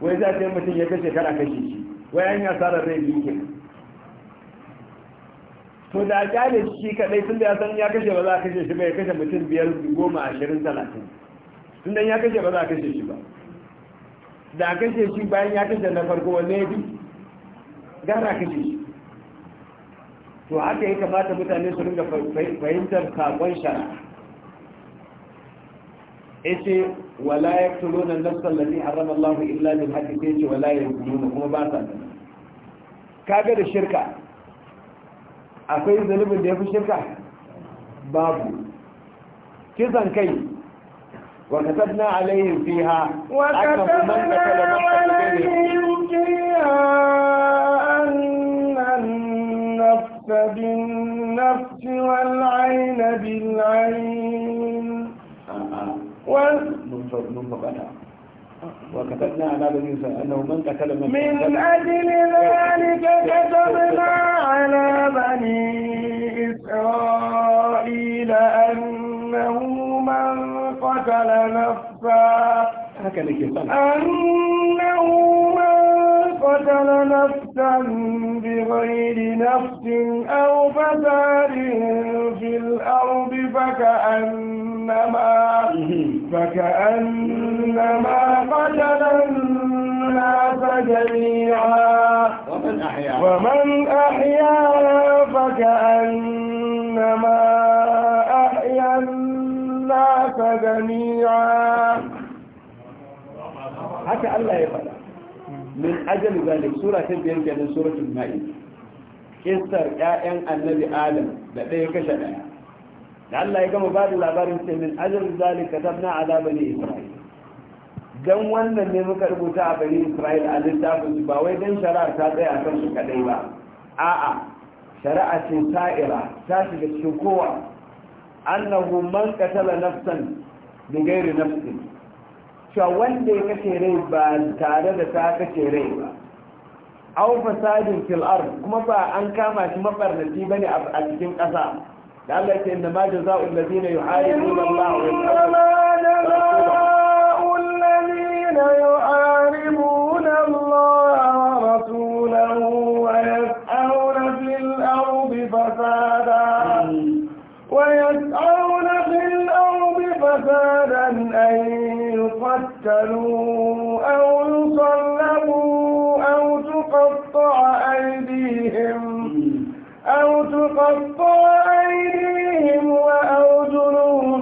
wai za ta yi mutum ya kashe kana kashe shi wai an yi asarar rai biyu kenan to da kyale shi kadai tun da ya san ya kashe ba za a kashe shi ba ya kashe mutum biyar goma ashirin talatin tun da ya kashe ba za a kashe shi ba da kashe shi bayan ya kashe na farko wanne bi gara kashe shi to haka ya kamata mutane su ringa fahimtar sakon shara Ita wala yaqtuluna an-nafsa allati harrama Allahu illa bil haqqi yace wala yaqtuluna kuma ba sa kaga da shirka akwai zunubin da ya fi shirka babu kisan kai وكتبنا عليهم فيها وكتبنا عليهم فيها أن النفس بالنفس والعين بالعين وال... وكتبنا على بني إسرائيل أنه من قتل من من أجل ذلك كتبنا على بني إسرائيل أنه من قتل نفسا أنه قتل نفسا بغير نفس أو فساد في الأرض فكأنما, فكأنما قتل الناس جميعا ومن أحيا ومن فكأنما أحيا الناس جميعا حتى الله يقدر min ajal zalik sura ta biyar kenan suratul ma'id kissar ƴaƴan annabi adam da ɗaya kashe ɗaya da Allah ya gama bada labarin sai min ajal zalik katabna ala bani isra'il dan wannan ne muka rubuta a bani isra'il a littafin su ba wai dan shari'a ta tsaya kan su kadai ba a'a shari'a ce sa'ira ta shiga cikin kowa annahu man qatala nafsan bi ghairi nafsin cewa wanda ya kashe rai ba tare da ta kashe rai ba au fasadin filar kuma ba an kama shi ba ne a cikin ƙasa da Allah ya inna ma jazaa'ul ladina yuharibuna Allah wa yuharibuna مثلا أن يقتلوا أو يصلبوا أو تقطع أيديهم أو تقطع أيديهم وأرجلهم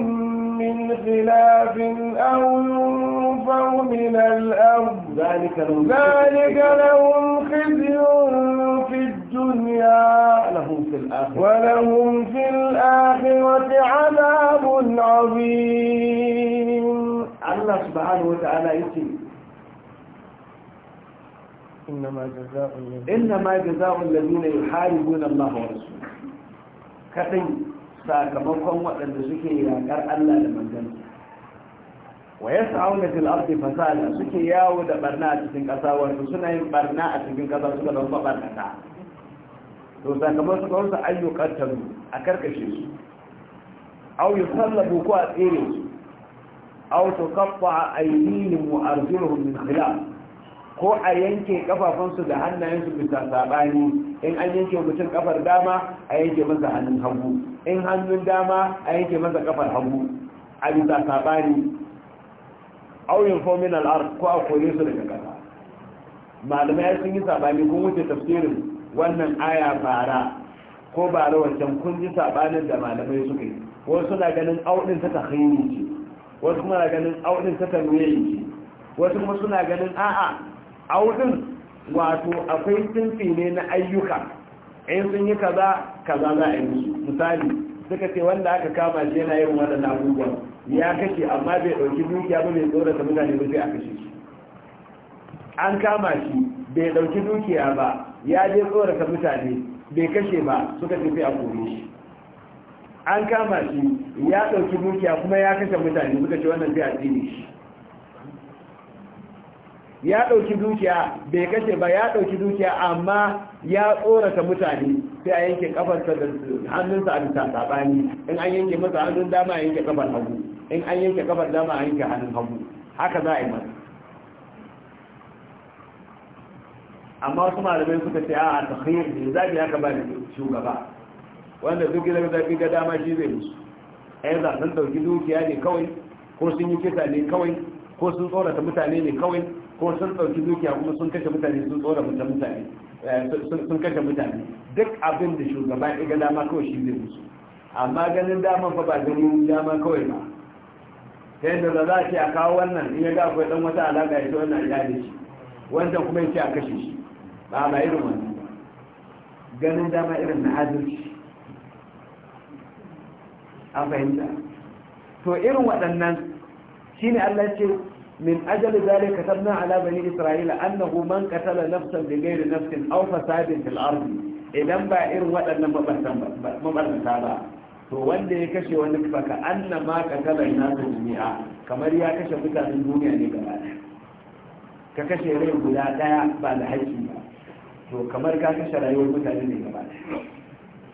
من خلاف أو ينفوا من الأرض ذلك لهم, ذلك لهم خزي في الدنيا ولهم في الآخرة subhanahu wa ta'ala yace إنما جزاء إنما جزاء الذين يحاربون الله ورسوله كدن سakamakon waɗanda suke yaƙar Allah da manzansa wa yas'auna fil ardi fasada suke yawo da barna a cikin ƙasa wato suna yin barna a cikin ƙasa suka zama barnata to sakamakon wasu ayyukan tabu a karkashe su aw yusallabu ko a tsere su aw tuqatta aydihim wa arjuluhum min khilaf ko a yanke kafafunsu da hannayensu bisa sabani in an yanke mutum kafar dama a yanke masa hannun hagu in hannun dama a yanke masa kafar hagu a bisa sabani auyin fomin al'ar ko a kore su daga kasa malamai sun yi sabani kun wuce tafsirin wannan aya bara ko bara wancan kun ji sabanin da malamai suka yi wasu na ganin audin ta tahiri ce wasu kuma na ganin auɗin ta tanwaye yake wasu kuma suna ganin a'a auɗin wato akwai sinfi ne na ayyuka in sun yi kaza kaza za a yi musu misali suka ce wanda aka kama shi yana yin waɗannan abubuwan ya kashe amma bai ɗauki dukiya ba mai tsorata mutane ba sai a kashe shi an kama shi bai ɗauki dukiya ba ya je tsorata mutane bai kashe ba suka tafi a kore shi an kama shi ya ɗauki dukiya kuma ya kashe mutane suka ce wannan sai addini shi ya ɗauki dukiya bai kashe ba ya ɗauki dukiya amma ya tsorata mutane sai a yanke kafarsa da hannunsa a bisa saɓani in an yanke masa hannun dama a yanke kafar hagu in an yanke kafar dama a yanke hannun hagu haka za a yi masa amma wasu malamai suka ce a takhir da zabi ya ba da shugaba wanda duk da zafi ga dama shi zai musu ai za sun dauki dukiya ne kawai ko sun yi kisa ne kawai ko sun tsorata mutane ne kawai ko sun dauki dukiya kuma sun kashe mutane sun tsorata mutane eh, sun kashe mutane duk abin da shugaba ya ga dama kawai shi zai musu amma ganin dama fa ba ganin dama kawai ba ta yadda da za a ce a kawo wannan in ya ga akwai dan wata alaka ya ce wannan ya da shi wanda kuma ya ce a kashe shi ba ba irin wannan ganin dama irin na adalci an fahimta to irin waɗannan shi ne Allah ce min ajali zalika katabna ala bani isra'ila annahu man qatala nafsan bighairi nafsin aw fasadin fil ardi idan ba irin waɗannan mabarnata ba to wanda ya kashe wani faka anna ma ina nasu jami'a kamar ya kashe mutanen duniya ne gaba ka kashe rai guda daya ba da haƙƙi ba to kamar ka kashe rayuwar mutane ne gaba ɗaya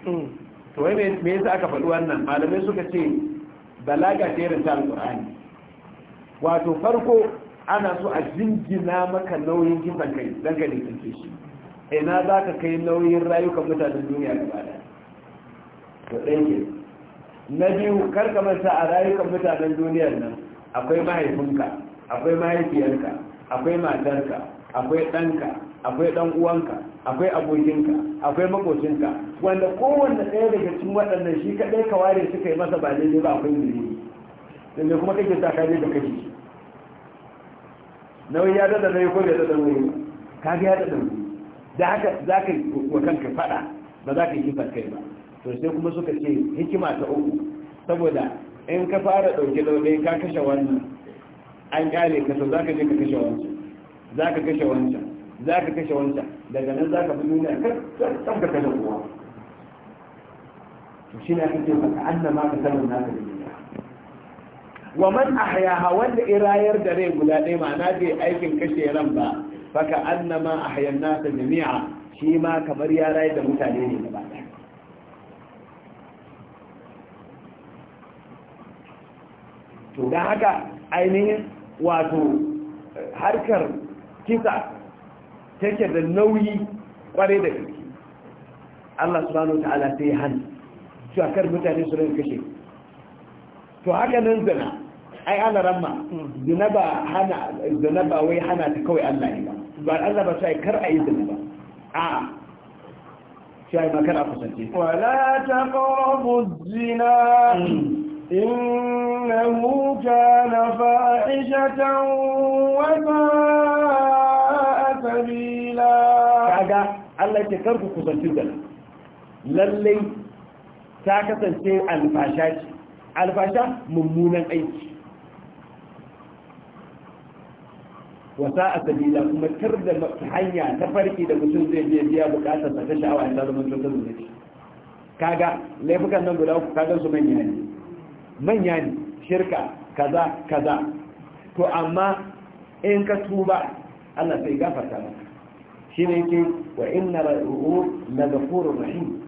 hmm. to wai me yasa aka faɗi wannan malamai suka ce balaga ta irin ta alƙur'ani wato farko ana so a jingina maka nauyin kisan kai don ka nisanci shi ina za ka kai nauyin rayukan mutanen duniya gaba da to ɗaya na biyu karka manta a rayukan mutanen duniyar nan akwai mahaifinka akwai mahaifiyarka akwai matarka akwai ɗanka akwai dan uwanka akwai abokinka akwai makocinka wanda kowanne ɗaya daga cikin waɗannan shi kaɗai ka ware suka yi masa ba ne ba akwai zuri da kuma kake sa kaje da kashi nauyi ya dada nauyi ko bai dada nauyi ka ga ya dada nauyi da haka za ka wa kanka faɗa ba za ka yi kifar kai ba to sai kuma suka ce hikima ta uku saboda in ka fara ɗauke ɗauke ka kashe wannan an ƙare ka to za ka je ka kashe wancan za ka kashe wancan za ka kashe wancan daga nan za ka nuna duniya kan ka kashe kowa to shi ne ake ce maka sanar ma ka sanin naka da duniya wa man ahyaha wanda irayar da rai guda ɗaya ma'ana bai aikin kashe ran ba faka annama ahyan nasa jami'a shi ma kamar ya rayar da mutane ne gaba ɗaya to don haka ainihin wato harkar kisa take da nauyi kware da gaske Allah subhanahu ta'ala yi hannu su akar mutane su rinka kashe to haka nan zana. ai ana ramma Zana ba wai hana ta kawai Allah ne ba ba Allah ba sai kar a yi zana ba a sai ma kar a kusance wala ta taqrabu zina mm. innahu kana fa'ishatan wa Allah ke karku kusanci da lallai ta kasance alfasha ce alfasha mummunan aiki wasa a sabila kuma tar da hanya ta farki da mutum zai je biya bukatar sa ta sha'awa ya zama zai zai kaga laifukan nan guda uku kaga su manya ne manya ne shirka kaza kaza to amma in ka tuba Allah sai gafarta maka shi ne yake wa inna rabbuhu la ghafurur rahim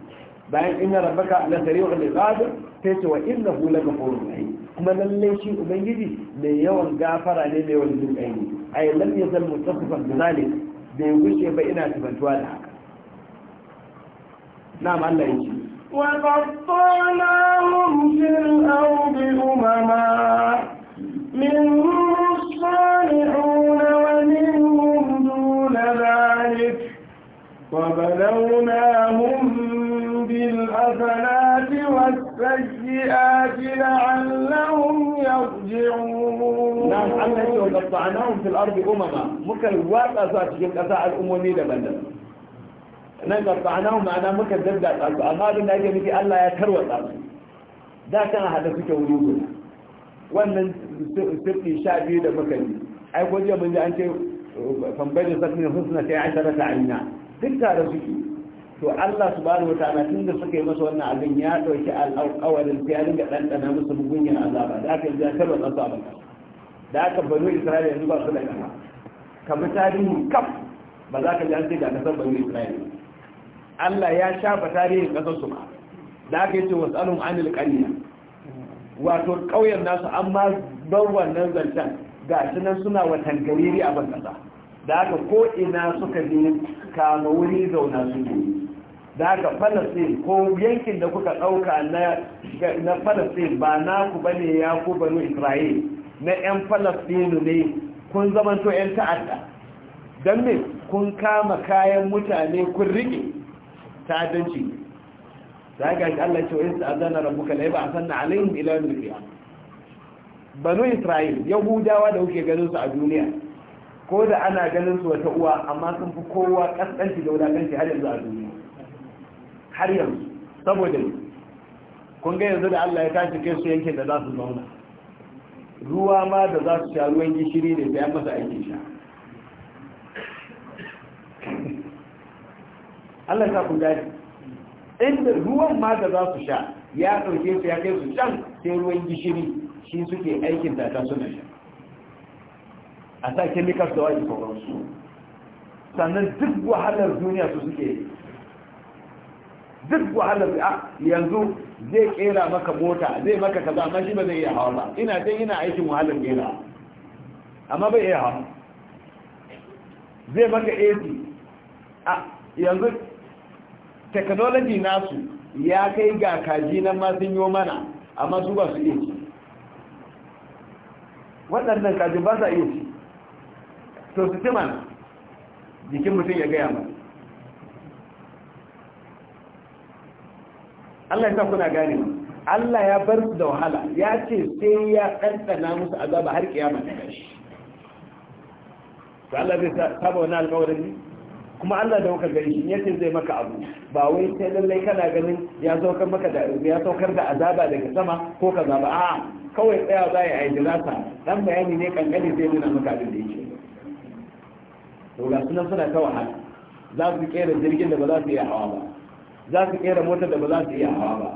bayan inna rabbaka la ne iqab sai ce wa innahu la ghafurur rahim kuma lallai shi ubangiji mai yawan gafara ne mai wani yawan jinkai ne ay lam yazal mutasifan bi zalik bai wuce ba ina tabantuwa da haka na'am Allah ce. yake وقطعناهم في الأرض أمما من وبلوناهم بالأفلات والسيئات لعلهم يرجعون نعم أنه قطعناهم في الأرض أمما ممكن الواقع ذات جلد أساء الأمومي لبنى نعم قطعناهم معنا ممكن تبدا أساء أمار الله يجب في الله يتروى الأرض دا كان هذا فيك وجودنا wannan sirri sha biyu da muka yi aiko jiya mun ji an ce fambayin sassanin duk tare suke to Allah subhanahu wataala tunda suka yi masa wannan abin ya dauki alƙawarin ya dinga ɗanɗana musu mugunyar azaba da aka ja tarwa tsasa ba da aka banu Isra'ila yanzu ba su da kama kamar tarihin kaf ba za ka ji an ce ga kasar banu Isra'ila Allah ya shafa tarihin kasar su ma da aka yi ce wasu alum anil ƙarya wato ƙauyen nasu amma ban wannan zancen ga shi nan suna watan gariri a ban ƙasa da aka ko ina suka ne kama wuri zauna ne da aka falasin ko yankin da kuka ɗauka na falasin ba naku ba ne ya ku banu isra'il na 'yan falasinu ne kun zamanto 'yan ta'adda don ne kun kama kayan mutane kun riƙe adanci ta ga shi Allah ce wa yin ta'adana rabuka na yi ba a alayin ilayen ila banu isra'il yahudawa da kuke ganin su a duniya ko da ana ganin su wata uwa amma sun fi kowa kaskanci da wadatanci har yanzu a duniya har yanzu saboda kun ga yanzu da Allah ya tashi kai su yankin da za su zauna ruwa ma da za su sha ruwan gishiri ne sai an masa aikin sha Allah ta kun gani inda ruwan ma da za su sha ya ɗauke su ya kai su can sai ruwan gishiri shi suke aikin da ta suna sha a sa chemicals da wani sauransu sannan duk wahalar duniya su suke duk wahalar a ah, yanzu zai kera maka mota zai maka kaza amma shi ba zai iya hawa ba ina dai ina aikin wahalar kera amma bai iya hawa zai maka ac a ah, yanzu technology nasu ya kai ga kaji nan ma sun yi mana amma su ba su iya ci waɗannan kajin ba sa iya ci so su timan jikin mutum ya gaya mana Allah ya sa kuna gane Allah ya bar su da wahala ya ce sai ya ɗanɗana musu azaba har kiyama ta gashi to Allah zai saba wani alƙawarin ne kuma Allah da kuka gani shi yake zai maka abu ba wai sai lallai kana ganin ya saukar maka da ya saukar da azaba daga sama ko ka zaba a'a kawai tsaya za ya aiki zata dan bayani ne kankani zai nuna maka abin da yake to ga sunan suna ta wahala za su kera jirgin da ba za su iya hawa ba za su kera motar da ba za su iya hawa ba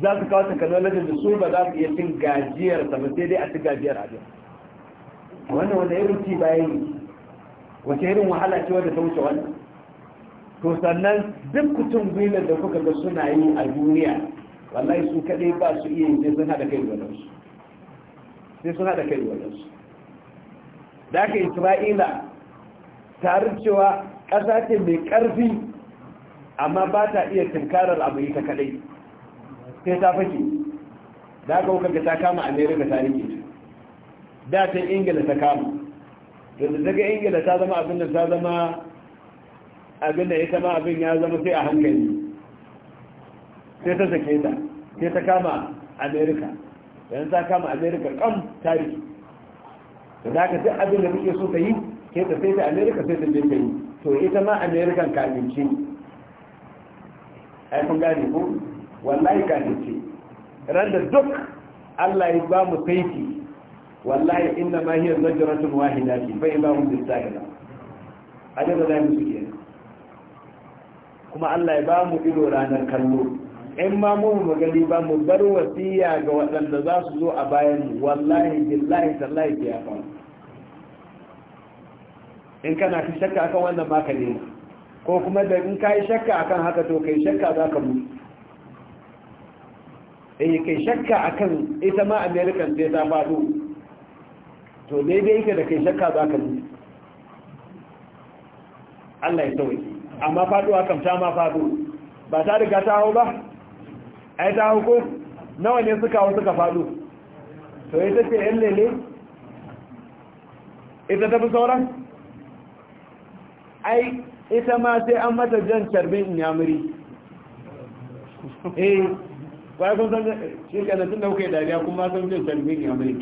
za su kawo technology da su ba za su iya cin gajiyar ta ba sai dai a ci gajiyar abin wannan wanda irin ci bayan ne wace irin wahala ce wanda ta wuce wannan to sannan duk kutun gwiwar da kuka ga suna yi a duniya wallahi su kaɗai ba su iya yi sai sun haɗa kai da sai sun haɗa kai wadansu da aka isra'ila tare cewa ƙasa ce mai ƙarfi amma ba ta iya tunkarar abu ta kaɗai sai ta fake da aka kuka ta kama amerika ta rike da ta ingila ta kama yanzu daga ingila ta zama abin da ta zama abin da ita ma abin ya zama sai a hankali sai ta sake ta sai ta kama amerika yanzu ta kama amerika kam tarihi. da aka duk abin da muke so ta yi sai ta sai ta america sai ta jirgin ta yi to ita ma american kafinci ai kun gane ko wallahi kafinci ran Randa duk Allah yi ba mu saiti wallahi inna ma fi bai wahida fa idha hum A ajaba da musu ke kuma Allah yi ba mu ido ranar kallo in ma mu magani ba mu bar wasiya ga waɗanda za su zo a bayan wallahi billahi tallahi ya faru in kana fi shakka akan wannan ma ka ko kuma da in ka yi shakka akan haka to kai shakka za ka mutu eh kai shakka akan ita ma amerikan sai ta faɗo to daidai ita da kai shakka za ka mutu Allah ya sauye amma faɗuwa kam ta ma faɗo ba ta riga ta hau ba ai ta hau ko nawa ne suka hau suka faɗo to ita ce yan lele ita tafi sauran ai ita ma sai an mata jan carbin in yamuri eh ba kun san shi kana tun da kuke dariya kuma san jan carbin in yamuri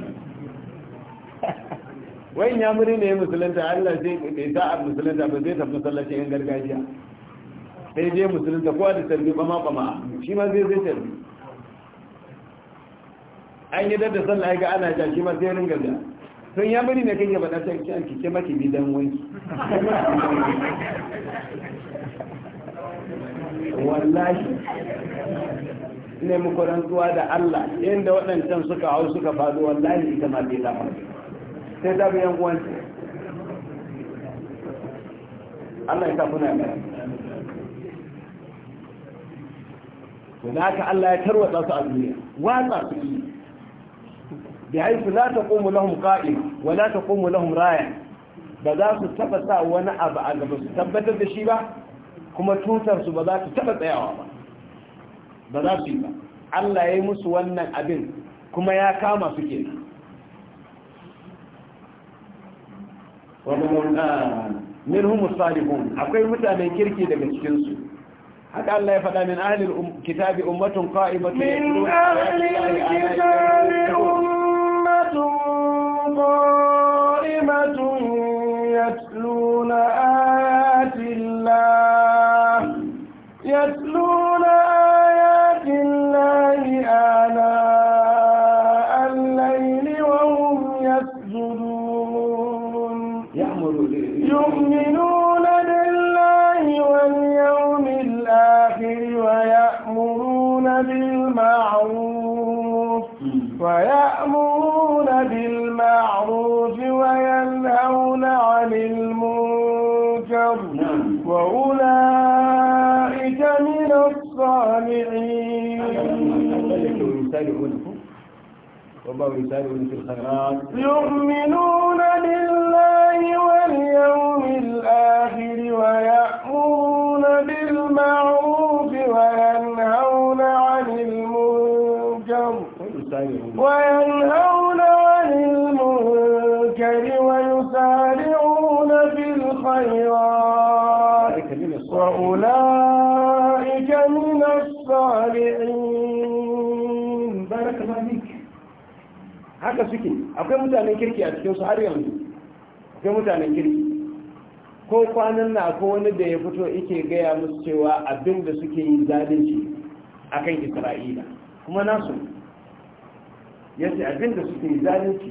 wai yamuri ne musulunta Allah sai kai sa a musulunta ba zai tafi sallacin in gargajiya sai je musulunta kowa da tarbi ba ma ba ma shi ma zai zai tarbi an yi dadda sallah ga ana ja shi ma sai ringa da sun ya bari na kai ya bada ta kyan kike maki bidan wani wallahi ne muku rantsuwa da Allah inda waɗancan suka hau suka faɗo wallahi ita ma bai lafa sai ta biyan uwanci Allah ya tafuna mai to da ka Allah ya tarwatsa su a duniya watsa su yi bi haifu la taqumu lahum qa'im wa la taqumu lahum ba za su taba sa wani abu a su tabbatar da shi ba kuma tutar su ba za su taba tsayawa ba ba za su yi ba Allah ya yi musu wannan abin kuma ya kama su kenan minhum akwai mutanen kirki daga cikinsu haka Allah ya faɗa min ahlil kitabi ummatun qa'imatun قائمة يتلون آيات الله يتلون آيات الله آناء الليل وهم يسجدون يؤمنون بالله واليوم الآخر ويأمرون بالمعروف ويأمرون بالمعروف وينهون عن المنكر نعم. وأولئك من الصالحين في الخيرات يؤمنون بالله واليوم الآخر ويأمرون بالمعروف وينهون عن المنكر وينهون وأولئك من الصالحين بارك الله فيك haka suke akwai mutanen kirki a cikin su har yanzu akwai mutanen kirki ko kwanan na ko wani da ya fito ike gaya musu cewa abin da suke yi zalunci a kan isra'ila kuma nasu ya ce abin da suke yi zalunci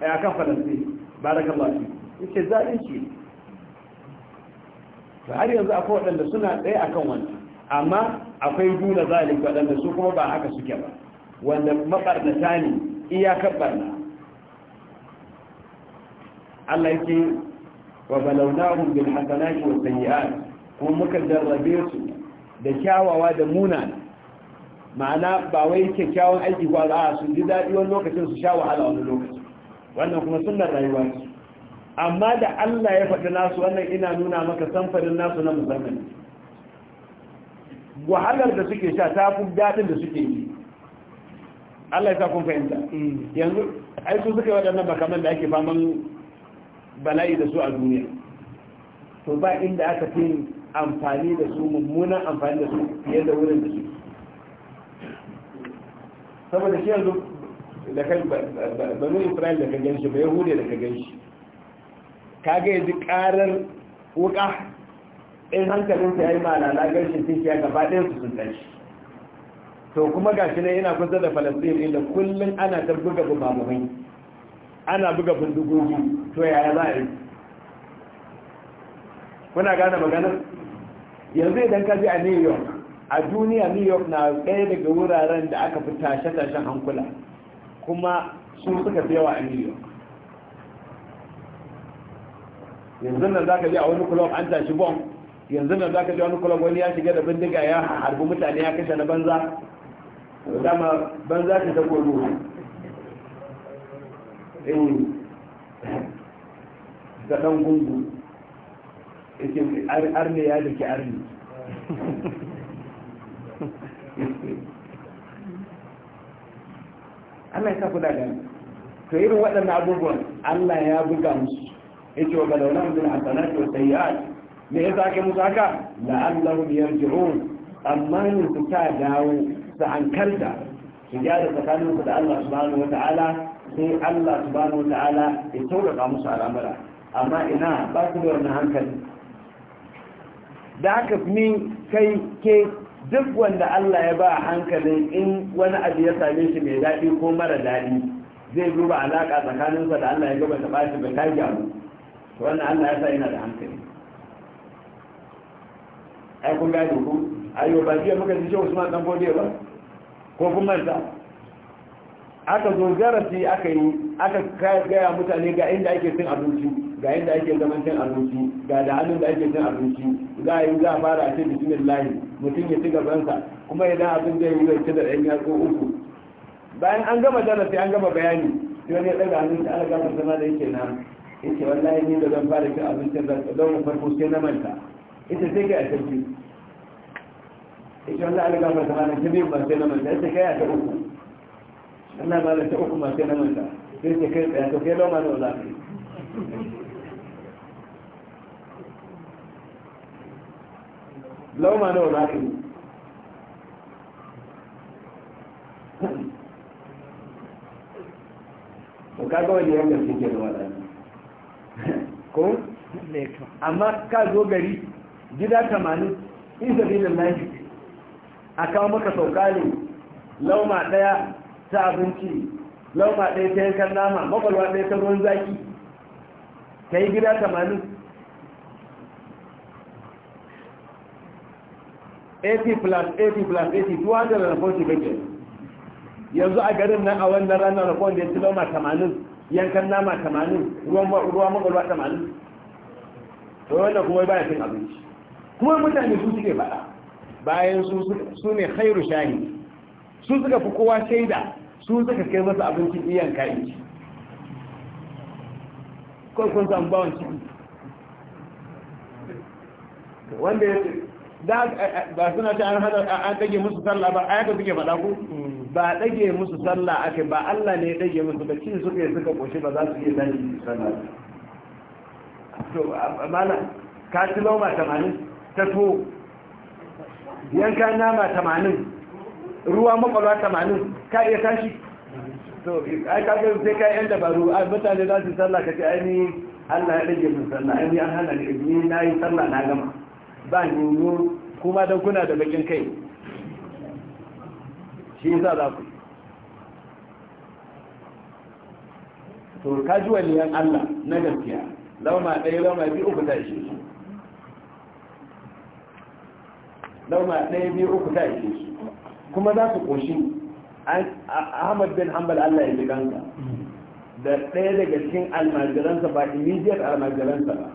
a kan falasini kan lafi yake zalunci to har yanzu akwai waɗanda suna tsaye akan wani amma akwai duna zalunci waɗanda su kuma ba haka suke ba wanda mabarnata ne iyakar barna Allah yake wa balawnahum bil hasanati wa sayyi'at kuma muka jarrabe su da kyawawa da Munan, ma'ana ba wai kyakkyawan aiki ba za su ji daɗi wani lokacin su sha wahala wani lokaci wannan kuma sunnar rayuwa ce amma da Allah ya faɗi nasu wannan ina nuna maka samfarin nasu na musamman wahalar da suke sha ta fi daɗin da suke yi Allah ya sa kun fahimta yanzu ai su suka yi waɗannan makaman da ake faman bala'i da su a duniya to ba inda aka fi amfani da su mummunan amfani da su fiye da wurin da su saboda shi yanzu da kai banu isra'il da ka gan shi ba yahudiya da ka gan shi kaga yanzu karar wuka in hankalinsa ya yi malala shi ya gaba ɗaya su sun tashi to kuma shi ne ina kusa da falasdin inda kullum ana ta buga bumabumai ana buga bindigogi to yaya za a yi kuna gane maganar yanzu idan ka ji a new york a duniya new york na ɗaya daga wuraren da aka fi tashe-tashen hankula kuma su suka fi yawa a new york yanzu nan za ka ji a wani club an tashi bom yanzu nan za ka ji wani club wani ya shiga da bindiga ya harbi mutane ya kashe na banza dama banza ta ta gobe eh. da dan gungu yake arne ya dake arne Allah ya sa ku da gani to irin waɗannan abubuwan Allah ya buga musu yace wa galawlan bil hasanati wa sayyi'at me yasa ake musu haka la'allahum yarji'un amma ne su ta dawo su hankalta su gyara tsakaninsu da Allah subhanahu wa ta'ala sai Allah subhanahu wa ta'ala ya tauraka musu al'amura amma ina ba su da wannan hankali da haka ni kai ke duk wanda Allah ya ba hankalin in wani abu ya same shi mai daɗi ko mara daɗi zai duba alaƙa tsakaninsa da Allah ya gaba ta shi bai ta gyaru wannan Allah ya sa yana da hankali ai kun gane ku ayo ba jiya muka ji cewa Usman dan gode ba ko kun manta aka zo garasi aka yi aka gaya mutane ga inda ake cin abinci ga inda ake zaman cin abinci ga da hannun da ake cin abinci za a yi za a fara a ce bismillah mutum ya ci gabansa kuma idan abin zai yi zai da ɗan yatsu uku bayan an gama darasi an gama bayani sai wani ya ɗaga hannun ta ana gama sana da yake na yace wallahi ni da zan fara cin abincin da don mu farko sai na manta ita sai kai a tafi ita wallahi ga gafar ta hana jami'in ba sai na manta ita kai a ta uku Allah ba la ta uku ma sai na manta sai ta kai tsaya to kai lawa ne wallahi lawa lauma ne za ka ga kaga wani yankin cikin wadannan ko amma ka zo gari gida tamanin in sabilin lafi a kawo maka sauka ne lauma ɗaya ta abinci lauma ɗaya ta yankan nama makwalwa ɗaya ta ruwan zaki ka yi gida tamanin 80 plus 80 plus 80 240 yanzu a garin nan a wannan ranar rakon da ya ci lauma tamanin. yankan nama tamanin ruwa magwalwa tamanin to wanda kuma baya cin abinci kuma mutane su suke faɗa bayan su ne hairu shahi su suka fi kowa shaida su suka kai masa abincin iyan kayan ci kawai kun samu bawon ciki wanda ya ba suna ta an dage musu sallah ba a yaka suke faɗa ku ba ɗage musu sallah aka ba Allah ne ya ɗage musu ba cin suke suka ƙoshi ba za su iya zani sallah to amana ka ci lauma tamanin ta to yanka nama tamanin ruwa makwalwa tamanin ka iya tashi to ai ka ga sai ka yan dabaru a mutane za su sallah ka ce ainihin Allah ya ɗage musu sallah ainihin an hana ni na yi sallah na gama ba ni kuma dan kuna da bakin kai shi yasa za ku to ka ji waliyan Allah na gaskiya lauma ɗaya lauma biyu uku ta ishe su lauma ɗaya biyu uku ta ishe su kuma za su ƙoshi Ahmad bin Hanbal Allah ya ji ka da ɗaya daga cikin almajiransa ba immediate almajiransa ba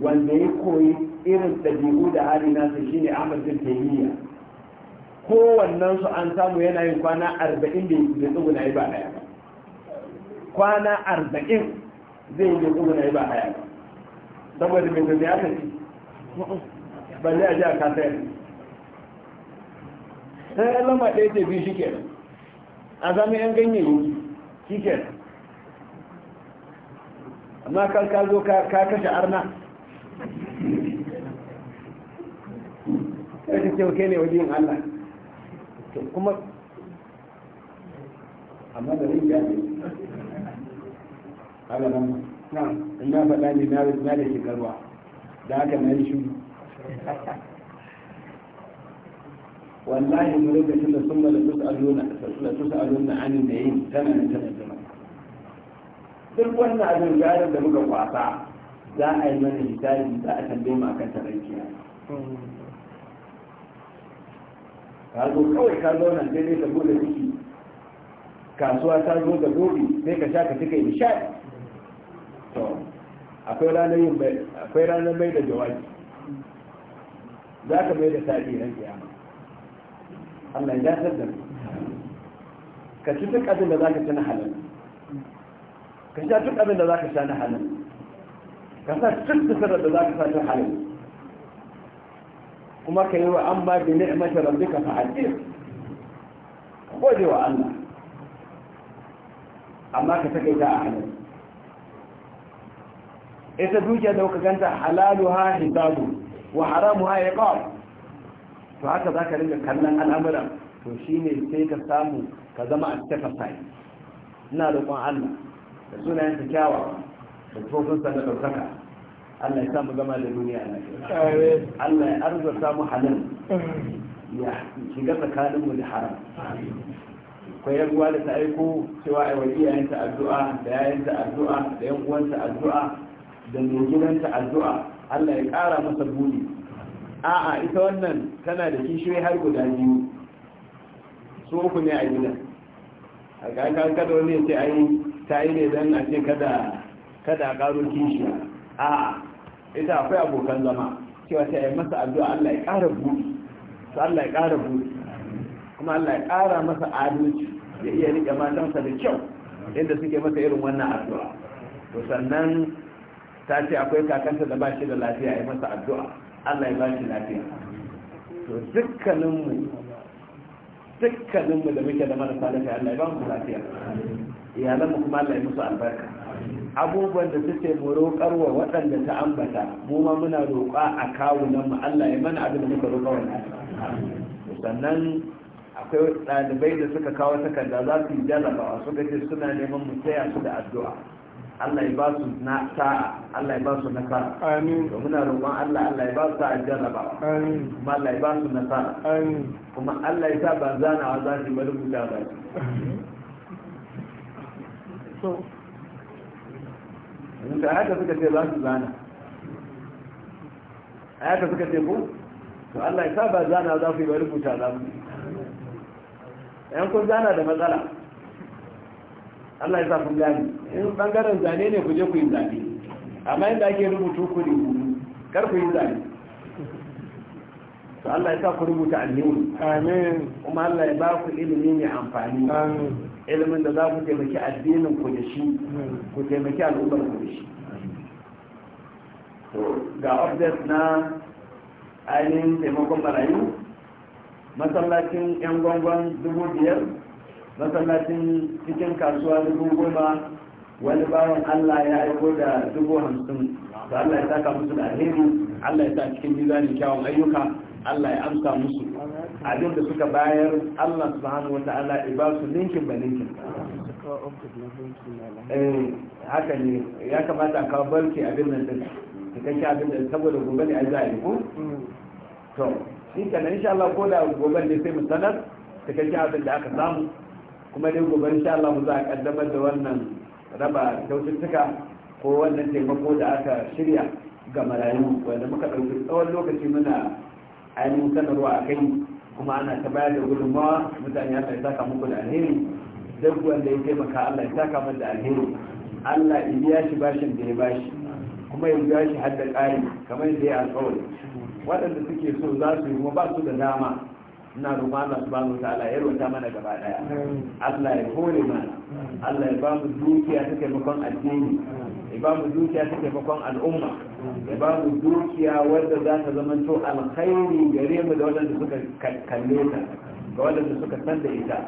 wanda ya koyi irin ɗabi'u da hali nasa shine Ahmad bin Taymiyyah kowannen su an samu yana yin kwana arba'in da ya tsuguna yi ba a yaba kwana arba'in zai yi tsuguna yi ba yaba saboda mai zai aka ci balle a ji kasa yi sai ya lamba ɗaya ce biyu shike a zama yan ganyayi shike amma kan ka zo ka kashe arna kai ta ke ne wajen allah to kuma amma da rin ya haka nan in na faɗa ne na na da shekarwa da haka na yi shiru wallahi mu lokacin da sun mala tus'aluna la tus'aluna an nayin tana nan tana tana duk wannan abin garin da muka kwasa za a yi mana hisabi za a tambaye mu akan tarayya hmm. ka zo kawai ka zo nan dai ka bude ciki kasuwa ta zo da gobe sai ka sha ka cika nishadi to akwai ranar yin bai akwai ranar mai da jawabi za ka mai da sadi ran kiyama Allah ya dasar da ka ci duk abin da zaka ka ci na halal ka sha duk abin da zaka ka sha na halal ka sa duk sirrin da zaka ka sa halal kuma ka yi wa amma bi ni'mata rabbika fa'adir gode wa Allah amma ka ta a halal ita dukiya da kuka ganta halaluha hisabu wa haramuha iqab to haka zaka ringa kallon al'amuran to shine sai ka samu ka zama a cikin fasai ina roƙon Allah da sunayen ta kyawawa da tsofin sa na ɗaukaka Allah ya samu gama da duniya na Allah ya arzuta mu halin. ya shiga tsakanin mu da haram akwai yan uwa da ta aiko cewa ai wa iyayenta addu'a da yayanta addu'a da yan uwanta addu'a da mai gidanta addu'a Allah ya kara masa buri a'a ita wannan tana da kishiyoyi har guda biyu su uku ne a gidan a kakan kada wani ya ce ai ta yi ne don a ce kada kada a karo kishiya A'a. ita akwai abokan zama cewa ta yi masa addu'a Allah ya ƙara buɗi su Allah ya ƙara buɗi kuma Allah ya ƙara masa adalci ya iya riƙe matansa da kyau inda suke masa irin wannan addu'a to sannan ta ce akwai kakanta da ba shi da lafiya ya masa addu'a Allah ya ba shi lafiya to dukkaninmu dukkaninmu da muke da marasa lafiya Allah ya ba mu lafiya iyalanmu kuma Allah ya musu albarka abubuwan da suke mu roƙar wa waɗanda ta ambata mu ma muna roƙa a kawunan mu Allah ya mana abin da muka roƙa wannan sannan akwai ɗalibai da suka kawo takarda za su yi jarabawa suka ce suna neman mu taya su da addu'a Allah ya ba su na sa'a Allah ya ba su nasara amin to muna roƙon Allah Allah ya ba su sa'a jarabawa amin kuma Allah ya ba su nasara amin kuma Allah ya sa ba zanawa za su yi marubuta ba so musa haka suka ce za su zana haka suka ce ko to Allah ya sa ba zana za su yi ba rubuta za mu yan kun zana da matsala Allah ya sa kun gani in bangaren zane ne ku je ku yi zane amma yadda ake rubutu ku ne kar ku yi zane to Allah ya sa ku rubuta alhimu amin kuma Allah ya ba ku ilimi mai amfani amin ilimin da za ku taimaki addinin ku da shi ku taimaki al'ummar ku da shi ga update na ainihin taimakon marayu masallacin yan gwangwan dubu biyar masallacin cikin kasuwa dubu goma wani bawan allah ya aiko da dubu hamsin da allah ya saka musu da alheri allah ya sa cikin mizanin kyawun ayyuka Allah ya amsa musu abin da suka bayar Allah subhanahu wata'ala ya ba su ninkin ba ninkin eh, haka ne ya kamata kawo barke abin nan din cikakken abin da saboda gobe ne a zai ko to shi kenan insha Allah ko da gobe ne sai musanar sanar cikakken abin da aka samu kuma dai gobe insha Allah mu za a kaddamar da wannan raba kyaututtuka ko wannan taimako da aka shirya ga marayu wanda muka ɗauki tsawon lokaci muna ainihin sanarwa a kai kuma ana ta bayar da gudunmawa mutane ya sai saka muku da alheri duk wanda ya taimaka Allah ya saka masa da alheri Allah ya biya shi bashin da ya bashi kuma ya biya shi har da kamar yadda ya alƙawari waɗanda suke so za su yi kuma ba su da dama ina roƙon Allah subhanahu wa ta'ala ya rota mana gaba daya Allah ya hore mana Allah ya ba mu dukiya ta taimakon addini ya ba mu dukiya ta taimakon al'umma ya ba mu dukiya wadda za ta zama to alkhairi gare mu da wadanda suka kalle ta ga wadanda suka san da ita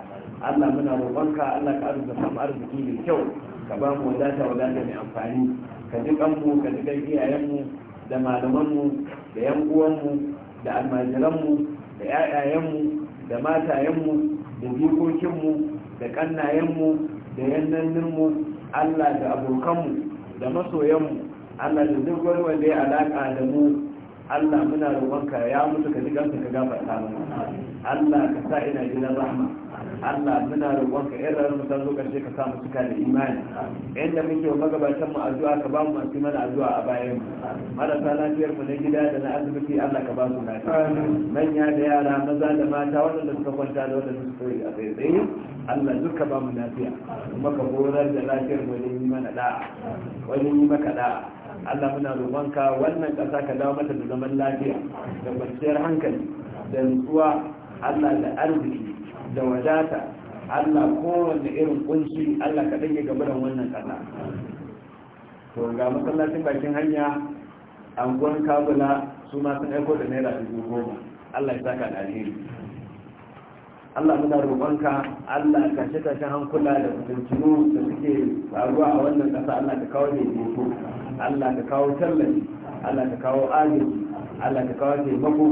Allah muna roƙonka Allah ka arzuta mu arziki mai kyau ka ba mu wadata wadata mai amfani ka ji kanmu ka ji kan iyayenmu da malamanmu da yan uwanmu da almajiranmu da ƴaƴayenmu da matayenmu da jikokinmu da ƙannayenmu da yannanninmu Allah da abokanmu da masoyanmu Allah da duk wani wanda ya alaƙa da mu Allah muna roƙonka ya mutu ka ji ka gafarta mu, Allah ka sa ina gidan rahma Allah muna roƙon ka irin ranar mutan zo karshe ka samu suka da imani inda muke magabatan mu addu'a ka ba mu masu mana addu'a a bayan mu marasa lafiyar mu na gida da na asibiti Allah ka ba su lafiya manya da yara maza da mata waɗanda suka kwanta da waɗanda suka yi a tsaye Allah duka ba mu lafiya kuma ka horar da lafiyar mu wajen yi mana da'a wajen yi maka da'a Allah muna ka wannan ƙasa ka dawo mata da zaman lafiya da kwanciyar hankali da nutsuwa Allah da arziki da wadata Allah kowanne irin kunshi Allah ka gaba da wannan kasa to ga masallacin bakin hanya anguwan kabula su ma sun aiko da naira dubu goma Allah ya saka da alheri Allah muna roƙonka Allah ka shi ta hankula da fitintunu da suke faruwa a wannan ƙasa Allah ka kawo ko. Allah ka kawo tallafi Allah ka kawo agaji Allah ka kawo taimako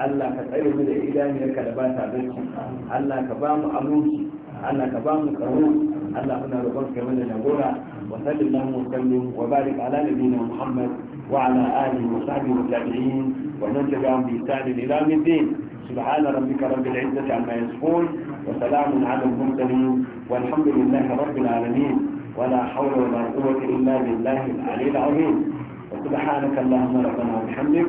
Allah ka tsare mu da idaniyarka da ba ta barci Allah ka ba mu aminci Allah ka ba mu tsaro Allah muna roƙon ka mana jagora wa sallallahu wa sallim wa barik ala nabiyina Muhammad wa ala alihi wa sahbihi wa tabi'in wa man tabi'ahum bi ihsan ila yawm الدين سبحان ربك رب العزة عما يصفون وسلام على المرسلين والحمد لله رب العالمين ولا حول ولا قوة إلا بالله العلي العظيم وسبحانك اللهم ربنا وبحمدك